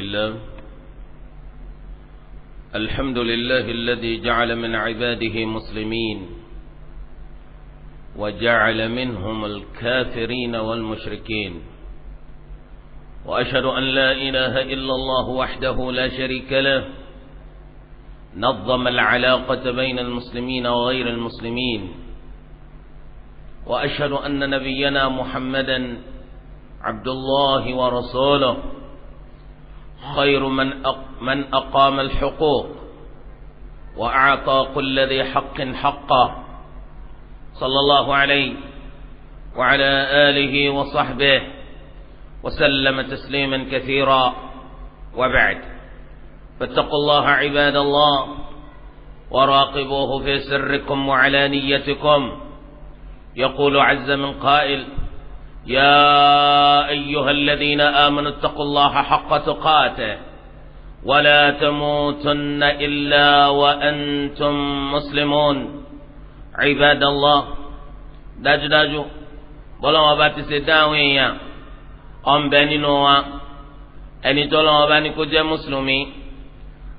لله الحمد لله الذي جعل من عباده مسلمين وجعل منهم الكافرين والمشركين وأشهد أن لا إله إلا الله وحده لا شريك له نظم العلاقة بين المسلمين وغير المسلمين وأشهد أن نبينا محمدا عبد الله ورسوله خير من أق من أقام الحقوق وأعطى كل ذي حق حقه صلى الله عليه وعلى آله وصحبه وسلم تسليما كثيرا وبعد فاتقوا الله عباد الله وراقبوه في سركم وعلانيتكم يقول عز من قائل يا أيها الذين آمنوا اتقوا الله حق تقاته ولا تموتن إلا وأنتم مسلمون عباد الله داجو داجو بلو ما سيداوين يا أم بني نوا أني تولو ما كجي مسلمي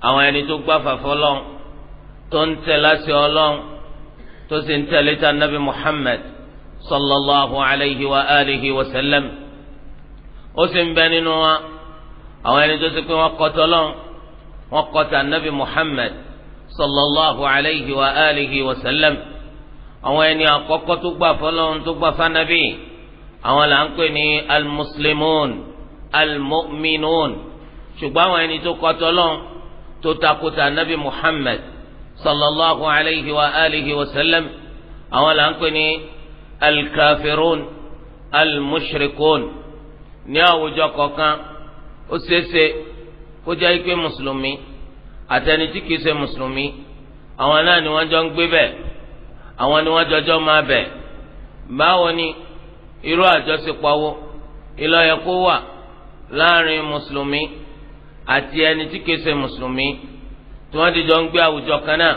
أو أني توقف ففلو تنتلاسي أولو تسنتلت النبي محمد sallallahu alayhi wa alihi wa sallam ó sì ń bẹ nínú wa àwọn ẹni tó ti pé wọn kọ tọlọ́n wọn kọ tà nabi muhammad sallallahu alayhi wa alihi wa sallam àwọn ẹni àkọ́kọ́ tó gbà fọlọ́n tó gbà fanabi àwọn là ń pè ní almuslimun almu'minun ṣùgbọ́n àwọn ẹni tó kọ tọlọ́n tó takùtà nabi muhammad sallallahu alayhi wa alihi wa sallam àwọn là ń pè ní. الكافرون، المشركون، ní àwùjọ kọ̀ọ̀kan ó ṣeéṣe kó jẹ́ ike mùsùlùmí àtẹni tí kìí ṣe mùsùlùmí àwọn náà ni wọ́n jọ ń gbé bẹ̀ àwọn ni wọ́n jọjọ́ máa bẹ̀ báwo ni irú àjọṣepọ̀ wo ilé wà láàrin mùsùlùmí àti ẹni tí kìí ṣe mùsùlùmí tí wọ́n ti jọ ń gbé àwùjọ kan náà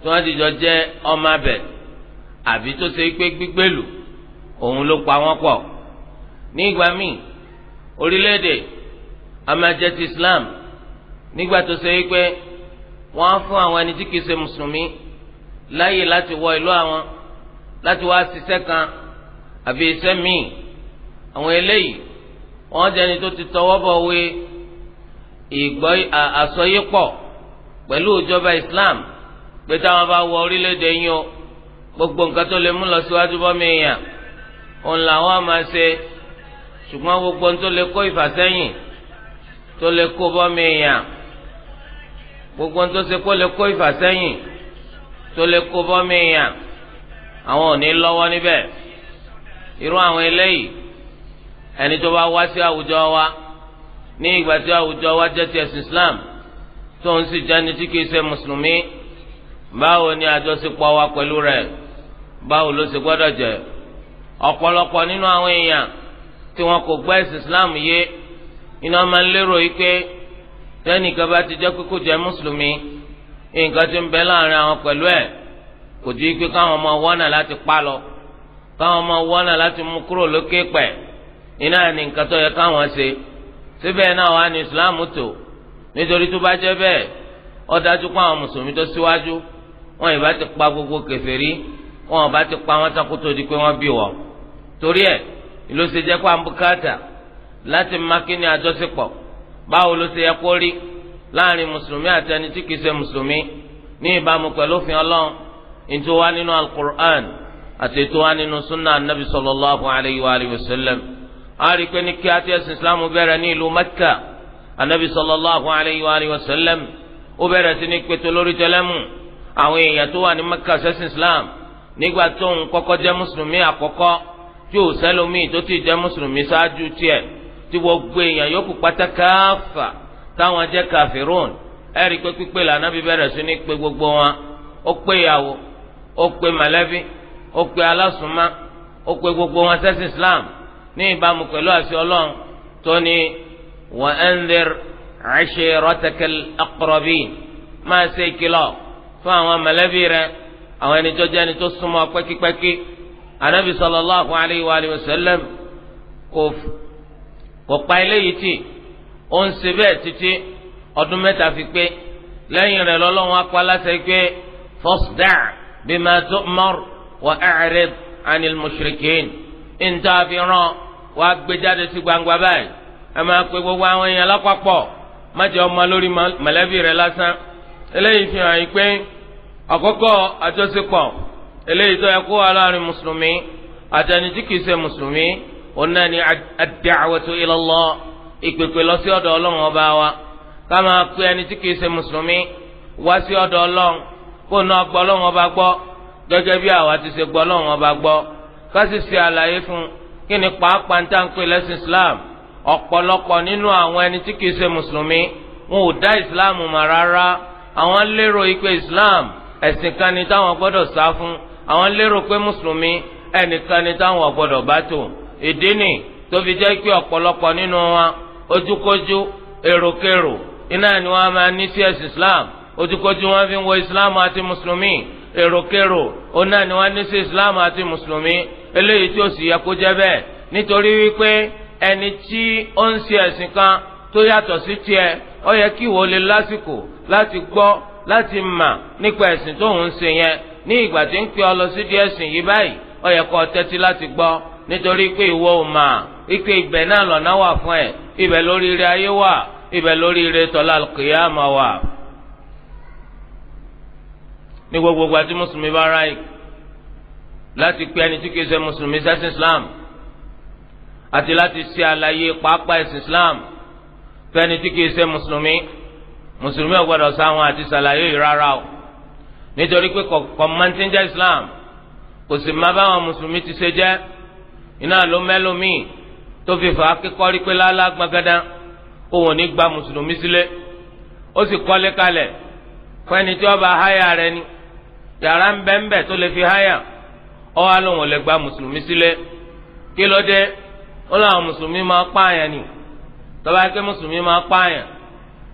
tí wọ́n ti jọ jẹ́ ọmọ abẹ àbí tó ṣe pé gbígbèlú òun ló pa wọ́n pọ̀ nígbà míì orílẹ̀-èdè amajẹ́ Islam nígbà tó ṣe pé wọ́n á fún àwọn ẹni tí kìí ṣe mùsùlùmí láàyè láti wọ ìlú àwọn láti wá ṣiṣẹ́ kan àbí iṣẹ́ míì àwọn eléyìí wọ́n jẹ́ tó ti tọwọ́ bọ̀ wé ìgbọ́ àsọyépọ̀ pẹ̀lú ìjọba Islam pé táwọn bá wọ orílẹ̀-èdè yín o gbogbo nǹkan tó lè mú lọ síwájú bọ́mi èèyàn òun làwọn á máa ṣe ṣùgbọ́n gbogbo tó lè kó ìfàsẹ́yìn tó lè kó bọ́mi èèyàn gbogbo tó ṣe kó lè kó ìfàsẹ́yìn tó lè kó bọ́mi èèyàn àwọn ò ní lọ́wọ́ níbẹ̀ irú àwọn eléyìí ẹni tó bá wá sí àwùjọ wa ní ìgbà tí àwùjọ wa jẹ́ ti ẹ̀sìn Islam tó ń sì jẹ́ ni tí kìí ṣe mùsùlùmí báwo ni àjọṣepọ̀ wa pẹ̀lú rẹ̀ báwo ló ṣe gbọ́dọ̀ jẹ́ ọ̀pọ̀lọpọ̀ nínú àwọn èèyàn tí wọn kò gbọ́ ẹ̀sìn islam yé iná máa ń lérò yìí pé tẹ́nìkan bá ti jẹ́ kókó jẹ́ mùsùlùmí nǹkan tí ń bẹ láàrin àwọn pẹ̀lú ẹ̀ kò ju pé káwọn ọmọ wọ́nà láti pa lọ káwọn ọmọ wọ́nà láti mú kúrò lókè pẹ̀ iná ní nǹkan tó yẹ káwọn ṣe síbẹ̀ náà wà ní islam tó nítorí tó bá jẹ́ bẹ́ẹ̀ ó dájú pé àwọn mùsùlùmí tó síwájú wọn ìbá wọn ò bá ti pa wọn tán kó tó di pé wọn bí wọn torí ẹ ló ṣe jẹ́ kó àǹbùkátà láti má kí ni àjọṣepọ̀ báwo ló ṣe yẹ kó rí láàrin mùsùlùmí àti ẹni tí kìí ṣe mùsùlùmí ní ìbámu pẹ̀lú òfin ọlọ́run ètò wa nínú alukur'an àti ètò wa nínú sunna anabi sallallahu alayhi wa alihi wa sallam a rí i pé ní kí àti ẹ̀sìn islam bẹ̀rẹ̀ ní ìlú mẹ́kà anabi sallallahu alayhi wa alihi wa sallam ó bẹ̀rẹ̀ sí ní pẹ̀tọ́ lórí tẹlẹ́mù àwọn èèyàn tó wà ní mẹ́kà ṣẹ̀sìn islam nígbà tó ń kọ́kọ́ jẹ́ mùsùlùmí àkọ́kọ́ tí ò sẹ́lómi tó ti jẹ́ mùsùlùmí ṣáájú tiẹ̀ tí gbogbo èèyàn yòókù pátá káfà táwọn jẹ́ kàfíròn ẹ̀rí pé pípé lànà bí bẹ̀rẹ̀ sí ní pé gbogbo wọn ó pé ìyàwó ó pé mọ̀lẹ́bí ó pé alásùnmá ó pé gbogbo wọn sẹ́sìn Islam ní ìbámu pẹ̀lú àṣẹ Ọlọ́run tó ní wa anzir ashiratakal aqrabin máa ṣe ìkìlọ̀ fún àwọn mọ̀lẹ́bí rẹ̀ àwọn ẹni tó jẹ́ ẹni tó súnmọ́ pẹ́kípẹ́kí anabi sallallahu alayhi wa sallam kò kò pa eléyìí tì ó ń ṣe bẹ́ẹ̀ títí ọdún mẹ́ta fi pé lẹ́yìn rẹ̀ lọ́lọ́run á pa láṣẹ pé fasda' bima tu'mar wa a'rid 'anil mushrikin níta fi ràn wá gbé jáde sí gbangba báyìí ẹ máa pe gbogbo àwọn èèyàn lápapọ̀ má jẹ́ ọmọ lórí mọ̀lẹ́bí rẹ̀ lásán eléyìí fi hàn yín pé àkọ́kọ́ àjọṣepọ̀ eléyìí tó yẹ kó wà láàrin mùsùlùmí àtẹni tí kìí ṣe mùsùlùmí òun náà ni ad-da'watu ila Allah ìpèpè lọ sí ọ̀dọ̀ Ọlọ́run ọba wa ká máa pe ẹni tí kìí ṣe mùsùlùmí wá sí ọ̀dọ̀ Ọlọ́run kó náà gbọ́ Ọlọ́run ọba gbọ́ gẹ́gẹ́ bí àwa ti ṣe gbọ́ Ọlọ́run ọba gbọ́ ká ṣe àlàyé fún kí ni pàápàá ń tà ń pè lẹ́sìn Islam ọ̀pọ̀lọpọ̀ nínú àwọn ẹni tí kìí ṣe mùsùlùmí wọn ò dá Islam mọ̀ rárá àwọn lérò ìpè Islam ẹ̀sìn kan ni táwọn gbọ́dọ̀ sá fún àwọn lérò pé mùsùlùmí ẹnìkan ni táwọn gbọ́dọ̀ bá tò ìdí nì tó fi jẹ́ pé ọ̀pọ̀lọpọ̀ nínú wa ojúkójú èròkèrò iná ni wọ́n máa ní sí ẹ̀sìn Islam ojúkójú wọn fi ń wo Islam àti mùsùlùmí èròkèrò oná ni wọ́n ní sí Islam àti mùsùlùmí eléyìí tí ó sì yẹ kó jẹ́ bẹ́ẹ̀ nítorí wípé ẹni tí ó ń ṣe ẹ̀sìn kan tó yàtọ̀ sí tiẹ̀ ó yẹ kí ìwọ lásìkò láti gbọ́ láti mà nípa ẹ̀sìn tó ń ṣe yẹn ní ìgbà tí ń pè ọ lọ sí di ẹ̀sìn yìí báyìí ó yẹ kó tẹ́tí láti gbọ́ nítorí pé ìwọ ò mà ike ibẹ̀ náà lọ́nà wà fún ẹ ibẹ̀ lórí ayé wà ibẹ̀ lórí ire tọ́lá kìyàmà wà. ní gbogbo ìgbà tí mùsùlùmí bá ráyè láti pé ẹni tí kìí ṣe mùsùlùmí sẹ́sìn Islam àti láti ṣe àlàyé pàápàá ẹ̀sìn Islam fẹ́ni tí kìí ṣe mùsùlùmí. musulumi ọgbọdọ gbọ́dọ̀ sáwọn àti sàlàyé yìí rárá o nítorí pé kọ̀mọ́ntì jẹ islam kò sì má báwọn musulumi ti ṣe jẹ, iná ló mẹ́lòmíì tó fi fà á kíkọ́rí pé lálá gbàgádá òun ò ní gba sílé ó sì kọ́lé kalẹ̀ fẹ́ni tí wọ́n bá rẹ ni yàrá ń bẹ́ ń tó lè fi háyà ó wá lóun ò lè gba musulumi sílé kí ló dé ó láwọn musulumi máa pààyàn ni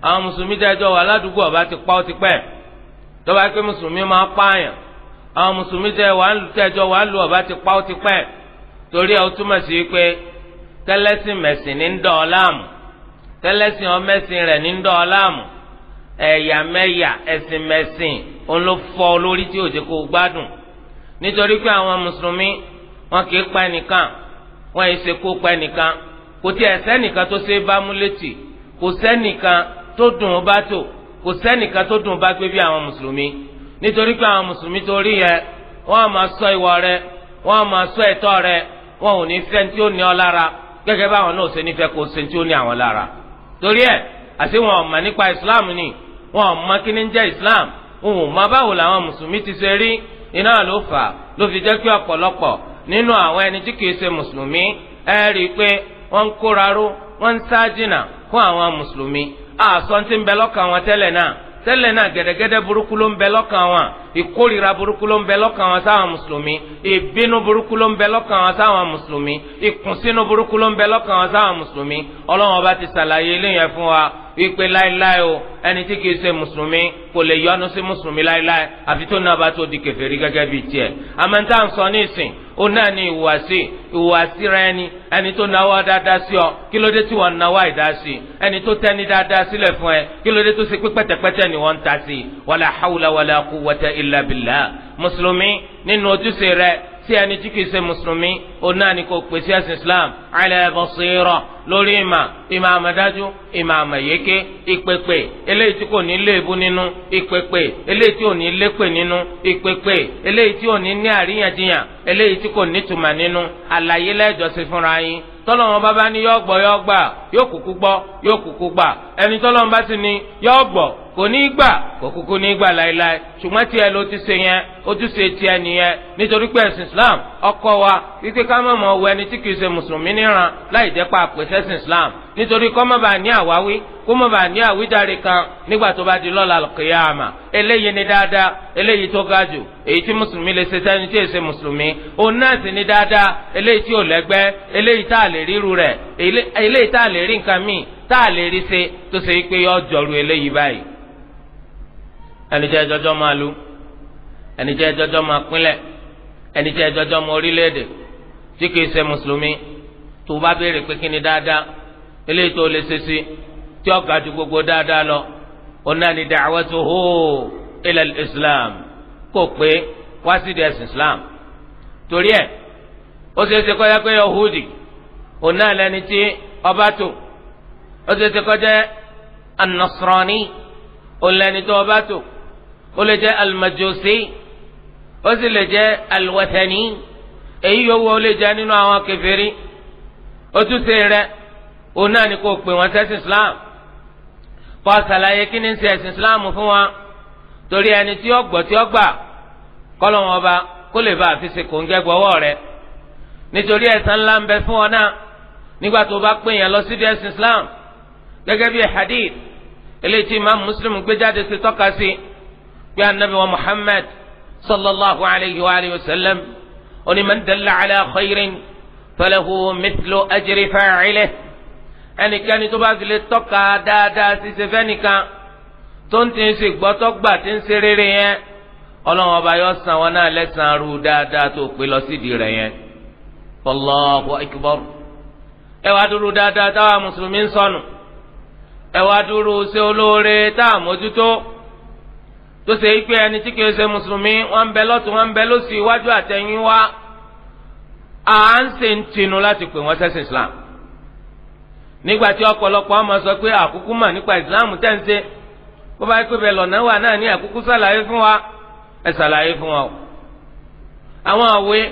àwọn mùsùlùmí dájọ́ wà ládùúgbò ọba ti pa ó ti pẹ́ tọ́ba pé mùsùlùmí máa pààyàn àwọn mùsùlùmí dájọ́ wà lù ọba ti pa ó ti pẹ́ torí ẹ̀ ó túmọ̀ sí pé tẹ́lẹ́sìn mẹ̀sìn ní ń dọ̀ ọ́ láàmú tẹ́lẹ́sìn ọmẹ́sìn rẹ̀ ní ń dọ̀ ọ́ láàmú ẹ̀yà mẹ́yà ẹ̀sìn mẹ̀sìn òun ló fọ́ lórí tí ò jẹ́ gbádùn nítorí pé àwọn mùsùlùmí wọn kì í pa ẹnìkan wọn yìí kò sẹ́nìkan tó ṣe é bá mú létí kò sẹ́nìkan tó dùn ó bá tò kò sẹ́nìkan tó dùn ó bá gbé bí àwọn mùsùlùmí nítorí pé àwọn mùsùlùmí wọ́n á máa wọ́n á máa ẹ̀tọ́ rẹ ò ní fẹ́ tí ó ní ọ lára gẹ́gẹ́ torí ẹ̀ àti wọn nípa islam ni wọn kí ni ń jẹ́ islam òun ò mọ̀ báwo làwọn mùsùlùmí ti ṣe rí iná ló nínú àwọn ẹni tí kìí àsọ ah, ti ń bẹ lọ́kàn wọn tẹ́lẹ̀ náà tẹ́lẹ̀ náà gẹ́dẹ́gẹ́dẹ́ burúkú ló ń bẹ lọ́kàn wọn ìkórìíra burúkú ló ń bẹ lọ́kàn wọn sáwọn mùsùlùmí ìbínú burúkú ló ń bẹ lọ́kàn wọn sáwọn mùsùlùmí ìkùnsínú burúkú ń bẹ lọ́kàn wọn sáwọn mùsùlùmí ọlọ́wọ́n bá ti ṣàlàyé eléyẹn fún wa wípé láéláé o ẹni tí kìí ṣe mùsùlùmí kò lè yọnu sí mùsùlùmí láéláé àfi tó náà bá tó di kèfèrí gẹ́gẹ́ bíi tiẹ̀ àmọ́ ní tá ń sọ ní ìsìn ó náà ní ìhùwàsí ìhùwàsí rẹ ni ẹni tó náwó dáadáa sí ọ kí ló dé tí wọn náwó àìdá sí i ẹni tó tẹni dáadáa sílẹ̀ fún ẹ kí ló dé tó ṣe pé pẹ̀tẹ̀pẹ̀tẹ̀ ni wọ́n ń ta sí wàlà hàwùlà wàlà kú wọ́tẹ̀ ìlà bìlà mùsùlùmí nínú ojúṣe rẹ sí ẹni tí kìí ṣe mùsùlùmí òun náà ni kò pè ẹsìn islam ala basira lórí ìmà ìmà àmàdájú ìmà àmàyéké ìpèpè eléyìí tí kò ní léèbú nínú ìpèpè eléyìí tí ò ní lépè nínú ìpèpè eléyìí tí ò ní ní àríyànjiyàn eléyìí tí kò ní tùmà nínú àlàyé lẹ́jọ́ sí fúnra yín tọ́lọ́wọ́n bá bá ní yọ́ gbọ́ yóò kúkú gbọ́ yóò kúkú gbà ẹni tọ́lọ́wọ́n bá sì ní yọ́ kò ní gbà kò kúkú ní gbà láéláé ṣùgbọ́n tiẹ̀ ló ti ṣe yẹn ó ti ṣe tiẹ̀ nìyẹn nítorí pé ẹ̀sìn islam ọkọ wa wípé ká má mọ̀ wọ ẹni tí kìí ṣe mùsùlùmí níran láì jẹ́ pa ẹ̀sìn islam nítorí kó má bàa ní àwáwí kó má bàa ní àwíjàre kan nígbà tó bá di lọ́la kìyàmà eléyìí ni dáadáa eléyìí tó ga jù èyí tí mùsùlùmí lè ṣe sẹ́ni tí èsè mùsùlùmí òun náà sì ni dáadáa eléyìí tí ò lẹ́gbẹ́ eléyìí tá a lè ríru rẹ̀ eléyìí tá a lè rí nǹkan míì tá a lè rí ṣe tó ṣe é pé yọ ọjọ́rú eléyìí báyìí ẹni tí ẹjọ́jọ́ máa lu ẹni tí ẹjọ́jọ́ máa pínlẹ̀ ẹni tí ẹjọ́jọ́ máa orílẹ̀-èdè tí kìí ṣe mùsùlùmí tó bá béèrè pé kí ni dáadáa eléyìí tó lè ṣe sí tí ó ga ju gbogbo dáadáa lọ ọ̀nà ni da'watuhu ila islam kò pé wá sí di ẹ̀sìn islam torí ẹ̀ ó ṣe ṣe kọjá pé yahudi ọ̀nà lẹni tí ọba tó ó ṣe ṣe kọjá anasrani ọ̀nà lẹni tó ọba tó ó lè jẹ́ alimajosi ó sì lè jẹ́ aliwatani èyí yòówù ó lè jẹ́ nínú àwọn kèfèrí ojúṣe rẹ̀ òun náà ni kò pè wọ́n sẹ́sìn islam kó àṣàlàyé kí ni ń ṣe ẹ̀sìn islam fún wa torí ẹni tí ó gbọ́ tí ó gbà kọ́lọ́ wọn ọba kó lè bá àfi ṣe kòńgẹ́ gbọ́wọ́ rẹ̀ nítorí ẹ̀san ńlá ń bẹ fún ọ náà nígbà tó bá pè yẹn lọ sí di islam gẹ́gẹ́ bí hadith eléyìí tí imam muslim gbé jáde ṣe tọ́ka sí i. بأن النبي wa muhammad sallallahu alayhi wa alihi wa sallam oní man dalla ala khayrin falahu mithlu ajri fa'ilih ẹnikẹ́ni tó bá ti lè tọ́ka dáadáa ṣiṣẹ́ fẹ́nìkan tó ń ti ń ṣe gbọ́tọ́gbà tí ń ṣe rere yẹn ọlọ́run ọba yóò san wọn náà lẹ́sàn-án rú dáadáa tó pé lọ sídìí rẹ̀ yẹn Allahu akbar ẹ dúró dáadáa táwa mùsùlùmí ń sọnù ẹ dúró ṣe olóore táà mójútó. tose ṣe é pé ẹni tí kìí ṣe mùsùlùmí wọ́n ń bẹ lọ́tún wọ́n ń bẹ lọ́sì iwájú àtẹ̀yìn à ń ṣe ń tinú láti pè wọ́n sẹ́sìn islam nígbà tí ọ̀pọ̀lọpọ̀ ọmọ sọ pé àkúkú mà nípa islam tẹ́ ń ṣe bó bá pẹ́ bẹ́ẹ̀ lọ́nà wà náà ní wa ẹ sàlàyé fún wa o àwọn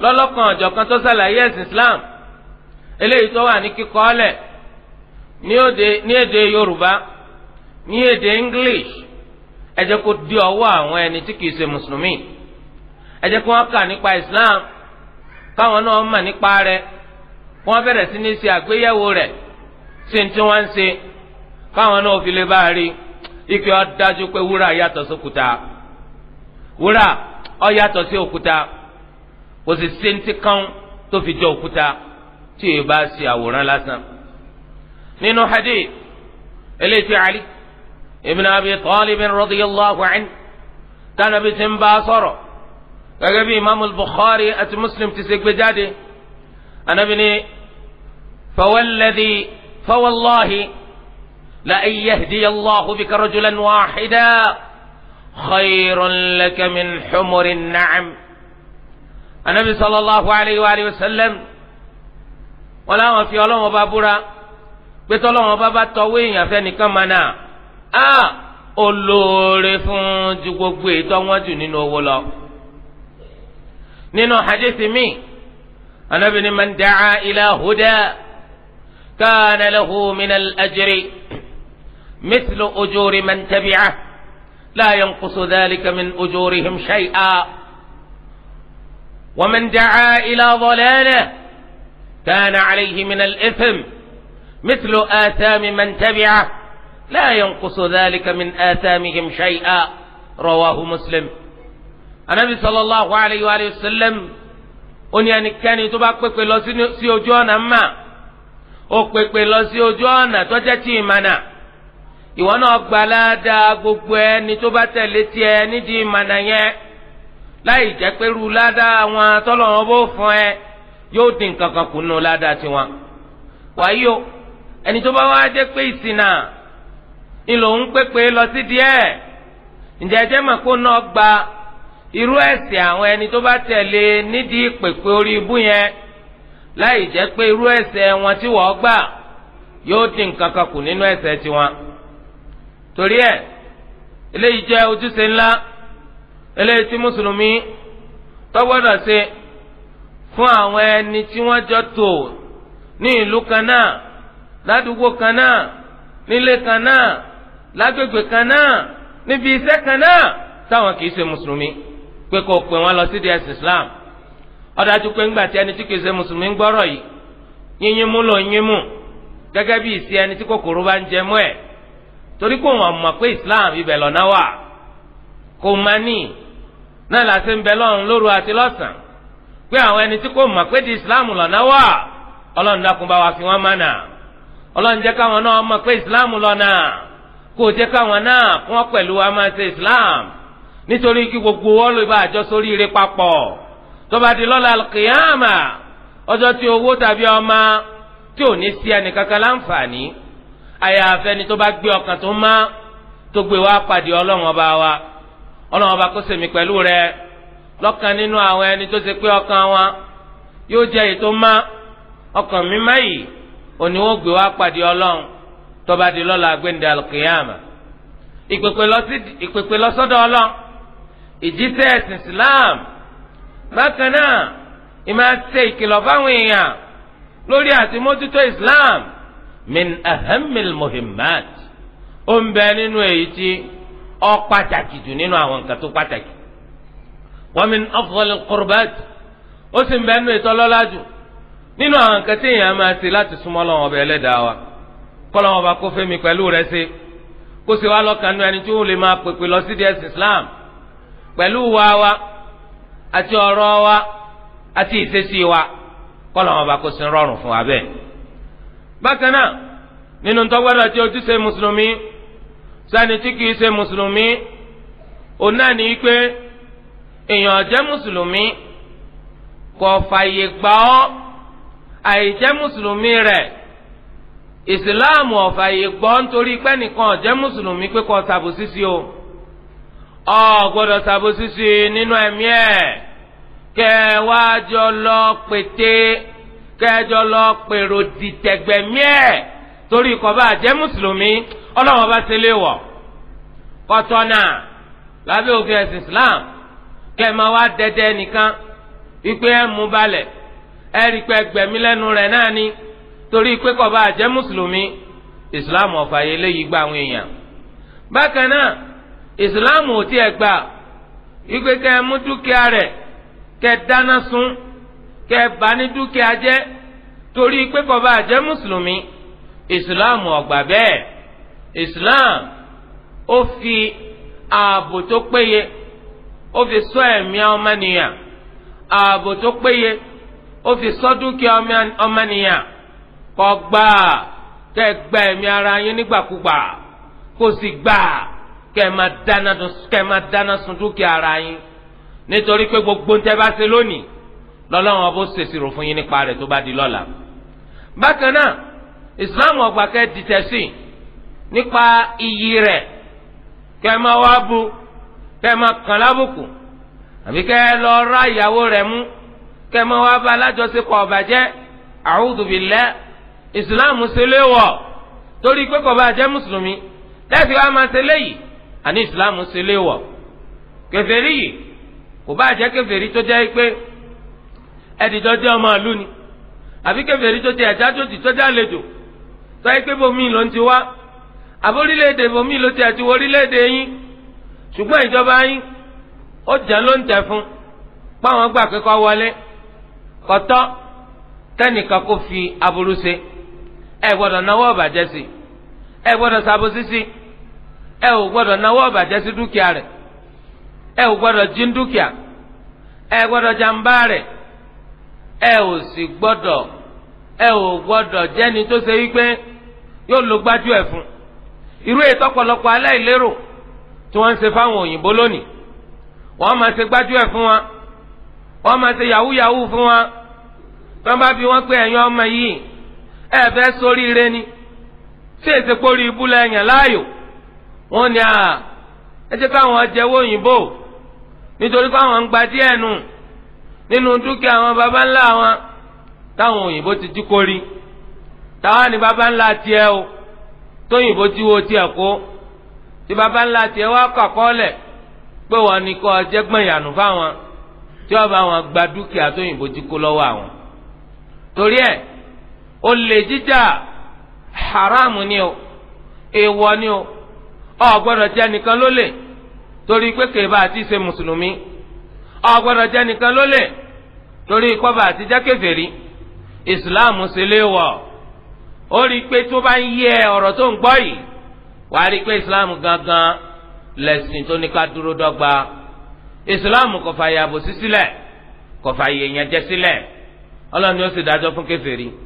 lọ́lọ́kan ọ̀jọ̀kan tó ẹ̀sìn islam eléyìí tó wà ní kíkọ́ ní èdè yorùbá ní èdè english ẹ jẹ́ kó di ọwọ́ àwọn ẹni tí kìí ṣe mùsùlùmí ẹ jẹ́ kó wọ́n kà nípa islam káwọn náà mọ̀ nípa rẹ kó wọ́n bẹ̀rẹ̀ sí ní ṣe àgbéyẹ̀wò rẹ̀ ṣe ń tí wọ́n ń ṣe káwọn náà fi lè bá a ike ọ dájú pé wúrà yàtọ̀ sí òkúta wúrà ó yàtọ̀ sí òkúta kò sì ṣe tó fi jọ òkúta tí èyí bá ṣe àwòrán lásán ابن ابي طالب رضي الله عنه كان بيتم باصر قال امام البخاري ات مسلم تسيك بجادي انا بني فوالذي فوالله لأن يهدي الله بك رجلا واحدا خير لك من حمر النعم النبي صلى الله عليه وآله وسلم ولا ما في علوم بابورا بيت علوم بابا توين يا فني كمانا a olóore fún ju gbogbo ètò wọn jù nínú owó lọ nínú hadithi mi anabi ni man da'a ila huda kana lahu min al-ajri mithlu ujuri man tabi'ah la yanqusu dhalika min ujurihim shay'a ومن دعا إلى ضلاله كان عليه من الإثم مثل آثام من تبعه لا ينقص ذلك من آثامهم شيئا رواه مسلم anabi sallallahu alayhi wa sallam ó ní ẹnikẹ́ni tó bá pèpè lọ na ojú ọ̀nà mà ó pèpè lọ sí ojú ọ̀nà tó jẹ́ ti tó bá tẹ̀lé tiẹ̀ nídìí ìmànà yẹn láì jẹ́ pé ru ládà wọn bó fún ẹ yóò dín kankan kùnú ládà tiwọn ẹni tó bá wá dé pé ìsìn ńlò pépè lọ sí díẹ̀ ǹjẹ́ ẹjẹ́ mọ̀ kó náà gba irú ẹ̀sìn àwọn ẹni tó bá tẹ̀lé nídìí pèpè orí ibú yẹn láì jẹ́ pé irú ẹ̀sẹ̀ wọn tí wọ́n gbà yóò dín nǹkan kan kù nínú ẹ̀sẹ̀ tiwọn torí eléyìí jẹ́ ojúṣe ńlá fún àwọn ẹni tí wọ́n jọ tò kan náà ládùúgbò kan náà nílé kan náà lágbègbè kan náà níbi iṣẹ́ kan náà táwọn kì í ṣe mùsùlùmí pé kò pè wọ́n lọ sí di ẹ̀sìn islam ọ̀dájú pé ńgbà tí ẹni tí kì í ṣe mùsùlùmí ń gbọ́rọ̀ yìí yínyín mú yín mú gẹ́gẹ́ bí ìsí ẹni tí kòkòrò bá jẹ mọ́ ẹ̀ torí islam ibẹ̀ lọ́nà wà kò má náà láti ń bẹ lọ́run lóru àti lọ́sàn pé àwọn ẹni tí kò mọ̀ pé di islam lọ́nà wà wa fi wọ́n mánà ọlọ́run jẹ́ káwọn náà mọ̀ pé islam lọ́nà. kó o jẹ́ káwọn náà kí wọ́n pẹ̀lú wa islam nítorí kí gbogbo wọn lè bá àjọ sórí ire papọ̀ tó bá di lọ́la kìyàmà ọjọ́ tí owó tàbí ọmọ tí ò ní sí ẹnìkankan láǹfààní àyàfẹ́ni tó bá gbé ọkàn tó má tó gbé wá pàdé ọlọ́run ọba wa ọlọ́run ọba kó sèmi pẹ̀lú rẹ lọ́kàn nínú àwọn ẹni tó ṣe pé ọkàn wọn yóò jẹ́ èyí tó má ọkàn mímá yìí òní wọ́n gbé wá pàdé ọlọ́run tọba di lọ́la gbẹ̀ndẹ̀ alùkìyàmà ìpèpè lọ́sọ́dọ̀ ọlọ́ ìjíṣẹ́ ẹ̀sìn islam bákan náà ìmáa ṣe ìkìlọ̀ fáwọn èèyàn lórí àti mójútó islam min ahamil muhimmat ó ń bẹ nínú èyí tí ó pàtàkì jù nínú àwọn nǹkan tó pàtàkì wa min afdalil qurbat ó sì ń bẹ nínú ètò jù nínú àwọn nǹkan tí èèyàn máa ṣe láti súnmọ́ Ọlọ́run ọba ẹlẹ́dàá wa kọ́lọ́wọ́n bá kó fẹ́mi pẹ̀lú rẹ̀ ṣe kó ṣe wá lọ́kànnú ẹni tí ó lè máa pèpè lọ sí díẹ̀ Islam pẹ̀lú wa wa àti ọ̀rọ̀ wa àti ìṣesí wa kọ́lọ́wọ́n bá kó sin rọrùn fún wa bẹ́ẹ̀. bákan náà nínú tọ́gbọ́dọ̀ tí ojúṣe mùsùlùmí sani tí kìí ṣe mùsùlùmí òun náà ní pé èèyàn jẹ́ mùsùlùmí kò fàyè gbà ọ́ àìjẹ́ mùsùlùmí rẹ̀ ìsìláàmù ọ̀fà yìí gbọ́ nítorí pé nìkan ọ̀jẹ́ mùsùlùmí pé kọ́ sàbò sísí o ọ gbọ́dọ̀ sàbò sísí nínú ẹ̀mí ẹ̀ kẹwàájọ lọ pété kẹjọ lọ pèrò dìtẹ̀gbẹ̀mí ẹ̀ torí kọ́ bá jẹ́ mùsùlùmí ọlọ́wọ́n bá ṣe lé wọ̀ kọ́tọ́nà lábẹ́ òfin ẹ̀sìn Islam kẹ́ ẹ máa wá dẹ́dẹ́ nìkan wípé ẹ̀ mú balẹ̀ ẹ̀ rí pé gbẹ̀mí lẹ́nu rẹ̀ náà ni. torí pé kọba àjẹ́ mùsùlùmí islam ọ̀fàyè léyìí gba àwọn èèyàn bákan náà islam ò tiẹ̀ gbà wípé kẹ́ ẹ mú dúkìá rẹ̀ kẹ́ ẹ dáná sun kẹ́ ẹ bà ní dúkìá jẹ́ torí pé kọba àjẹ́ mùsùlùmí islam ọ̀gbà bẹ́ẹ̀ islam ó fi ààbò tó péye ó fi ṣọ́ ẹ̀mí ọmọnìyàn ààbò tó péye ó fi ṣọ́ dúkìá ọmọnìyàn. kọ́ gbà kẹ́ gba ẹ̀mí ara yín nígbàkúgbà kó sì gbà kẹ́ máa dáná kẹ́ máa dáná sun dúkìá ara yín nítorí pé gbogbo ń tẹ́ bá ṣe lónìí lọ́lọ́run ọbọ̀ ṣèṣirò fún yín nípa rẹ̀ tó bá di lọ́la. bákan náà ìsìláàmù ọgbà kẹ́ dìtẹ̀ sí nípa iyì rẹ̀ kẹ́ wá bu kẹ́ kàn lábùkù àbí kẹ́ lọ ra ìyàwó rẹ̀ mú kẹ́ wá bá alájọṣepọ̀ ọ̀bàjẹ́ a'udhu billah ìsìláàmù ṣe léwọ̀ torí pé kò bá jẹ́ mùsùlùmí láti wá máa ṣe léyìí àní ìsìláàmù ṣe léwọ̀ kèfèrí yìí kò bá jẹ́ kèfèrí tó jẹ́ pé ẹ̀dìjọ́ jẹ́ ọmọ ìlú ni àbí kèfèrí tó jẹ́ ẹ̀já tó ti tọ́jú àlejò tó yẹ pé bomi ló ń ti wá àbí bomi ló ti àti orílẹ̀ yín ṣùgbọ́n ìjọba yín ó jẹ́ ló ń tẹ̀ fún páwọn gbà pé wọlé kọ́tọ́ tẹ́nìkan kó fi aburú ṣe. ẹ gbọ́dọ̀ náwó ọ̀bàjẹ́ sí ẹ gbọ́dọ̀ ṣàbòsí sisi. ẹ ò gbọ́dọ̀ náwó ọ̀bàjẹ́ sí dúkìá rẹ̀ ẹ ò gbọ́dọ̀ jí dúkìá ẹ gbọ́dọ̀ jàǹbá rẹ̀ ẹ ò sì gbọ́dọ̀ ẹ ò tó ṣe wípé yóò lo gbájú fún irú ètò aláìlérò tí wọ́n máa ṣe gbájú wọ́n máa ṣe yahoo yahoo fún wa tí bá fi pé ẹ fẹ́ sórí ire ni tí èsì kórì ibú lẹ́yìn láàyò wọ́n ní à ẹ jẹ́ káwọn jẹ́wọ́ òyìnbó nítorí káwọn ń gba díẹ̀ nù nínú dúkìá àwọn baba ńlá wọn táwọn òyìnbó ti jí kórì táwọn ní baba ńlá tiẹ̀ o tóyìnbó ti wo tiẹ̀ kó tí baba ńlá tiẹ̀ wá kọ́ àkọọ́lẹ̀ pé wọ́n ní kọ́ jẹ́gbọ́n yànú fáwọn tí wọ́n wọn gba dúkìá tóyìnbó ti kó lọ́wọ́ àwọn torí ẹ̀ olè jíjà haram ni o èèwọ̀ ni o ọ gbọ́dọ̀ jẹ́ nìkan lólè torí pé kèébà àti ṣe mùsùlùmí ọ gbọ́dọ̀ jẹ́ nìkan lólè torí kọ́ba àti jẹ́ kèfèrí ìsìláàmù sì léèwọ̀ ó rí i pé tó bá ń yẹ ọ̀rọ̀ tó ń yìí wà á rí i pé ìsìláàmù gangan lẹ̀sìn tó ní ká dúró dọ́gba ìsìláàmù kò fààyè àbòsí sílẹ̀ kò fààyè yẹn jẹ dajo ọlọ́ni ó sì fún kèfèrí.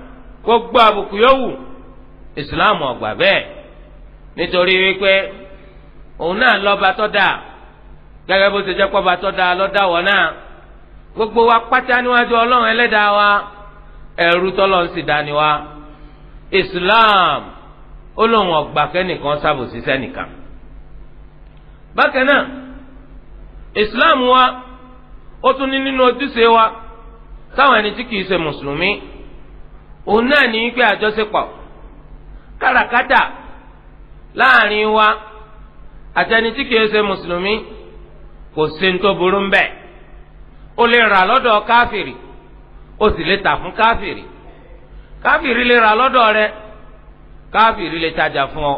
gbogbo àbùkù yòówù ìsìláàmù ọgbà bẹẹ nítorí wípé òun náà lọba tó dáa gẹ́gẹ́ bó ti jẹ́ pọ́ba tó dáa lọ́dà náà gbogbo wa pátá níwájú ọlọrun ẹlẹ́dàá wa ẹ̀rú tọ́lọ́ ń sì dání wa ìsìláàmù ó lóun ọgbà kẹ́nìkan sábòsí sẹ́nìkan bákan náà ìsìláàmù wa ó tún ní nínú ojúṣe wa sáwọn ẹni tí kìí ṣe mùsùlùmí òun náà ní pé àjọṣepọ̀ káràkátà láàrin wa àtẹni tí kìí ṣe mùsùlùmí kò sí ní tó burú ń o lè rà lọ́dọ̀ káfìrì o sì lè tà fún káfìrì káfìrì lè rà lọ́dọ̀ rẹ káfìrì lè tajà fún ọ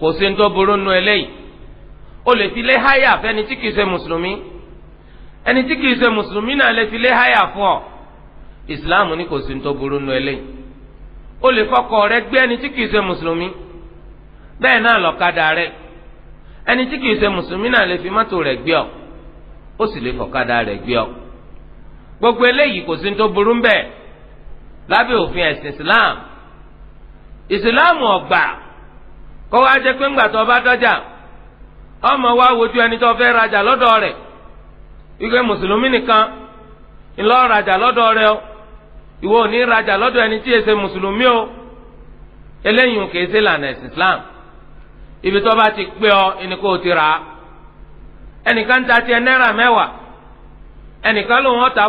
kò sí ní tó burú nu eléyìí o lè fi lé háyà fẹ́ni tí kìí ṣe mùsùlùmí ẹni tí kìí ṣe mùsùlùmí náà lè fi lé háyà fún ọ. ìsìláàmù ni kò sí ní tó burú nu eléyìí o lè kọ́kọ́ rẹ gbé ẹni tí kìí ṣe mùsùlùmí bẹ́ẹ̀ náà lọ́kadà rẹ ẹni tí kìí ṣe mùsùlùmí náà lè fi mọ́tò rẹ gbé ọ ó sì lè fọ̀kadà rẹ gbé ọ gbogbo eleyi kò sí ní tó burú ń bẹ̀ lábẹ́ òfin ẹ̀sìn islam ìsìláàmù ọ̀gbà kọ́ wa jẹ́ pé ńgbà tó bá dọ́jà wa wojú ẹni tó fẹ́ rajà lọ́dọ̀ rẹ̀ ìgbẹ́ mùsùlùmí nìkan ńlọ rajà ìwọ ò ní rajà lọ́dọ̀ ẹni tí èsè o eléyìí kò èsè lànà islam ibi tó bá ti pé ọ ẹni ti rà á ẹnìkan ta náírà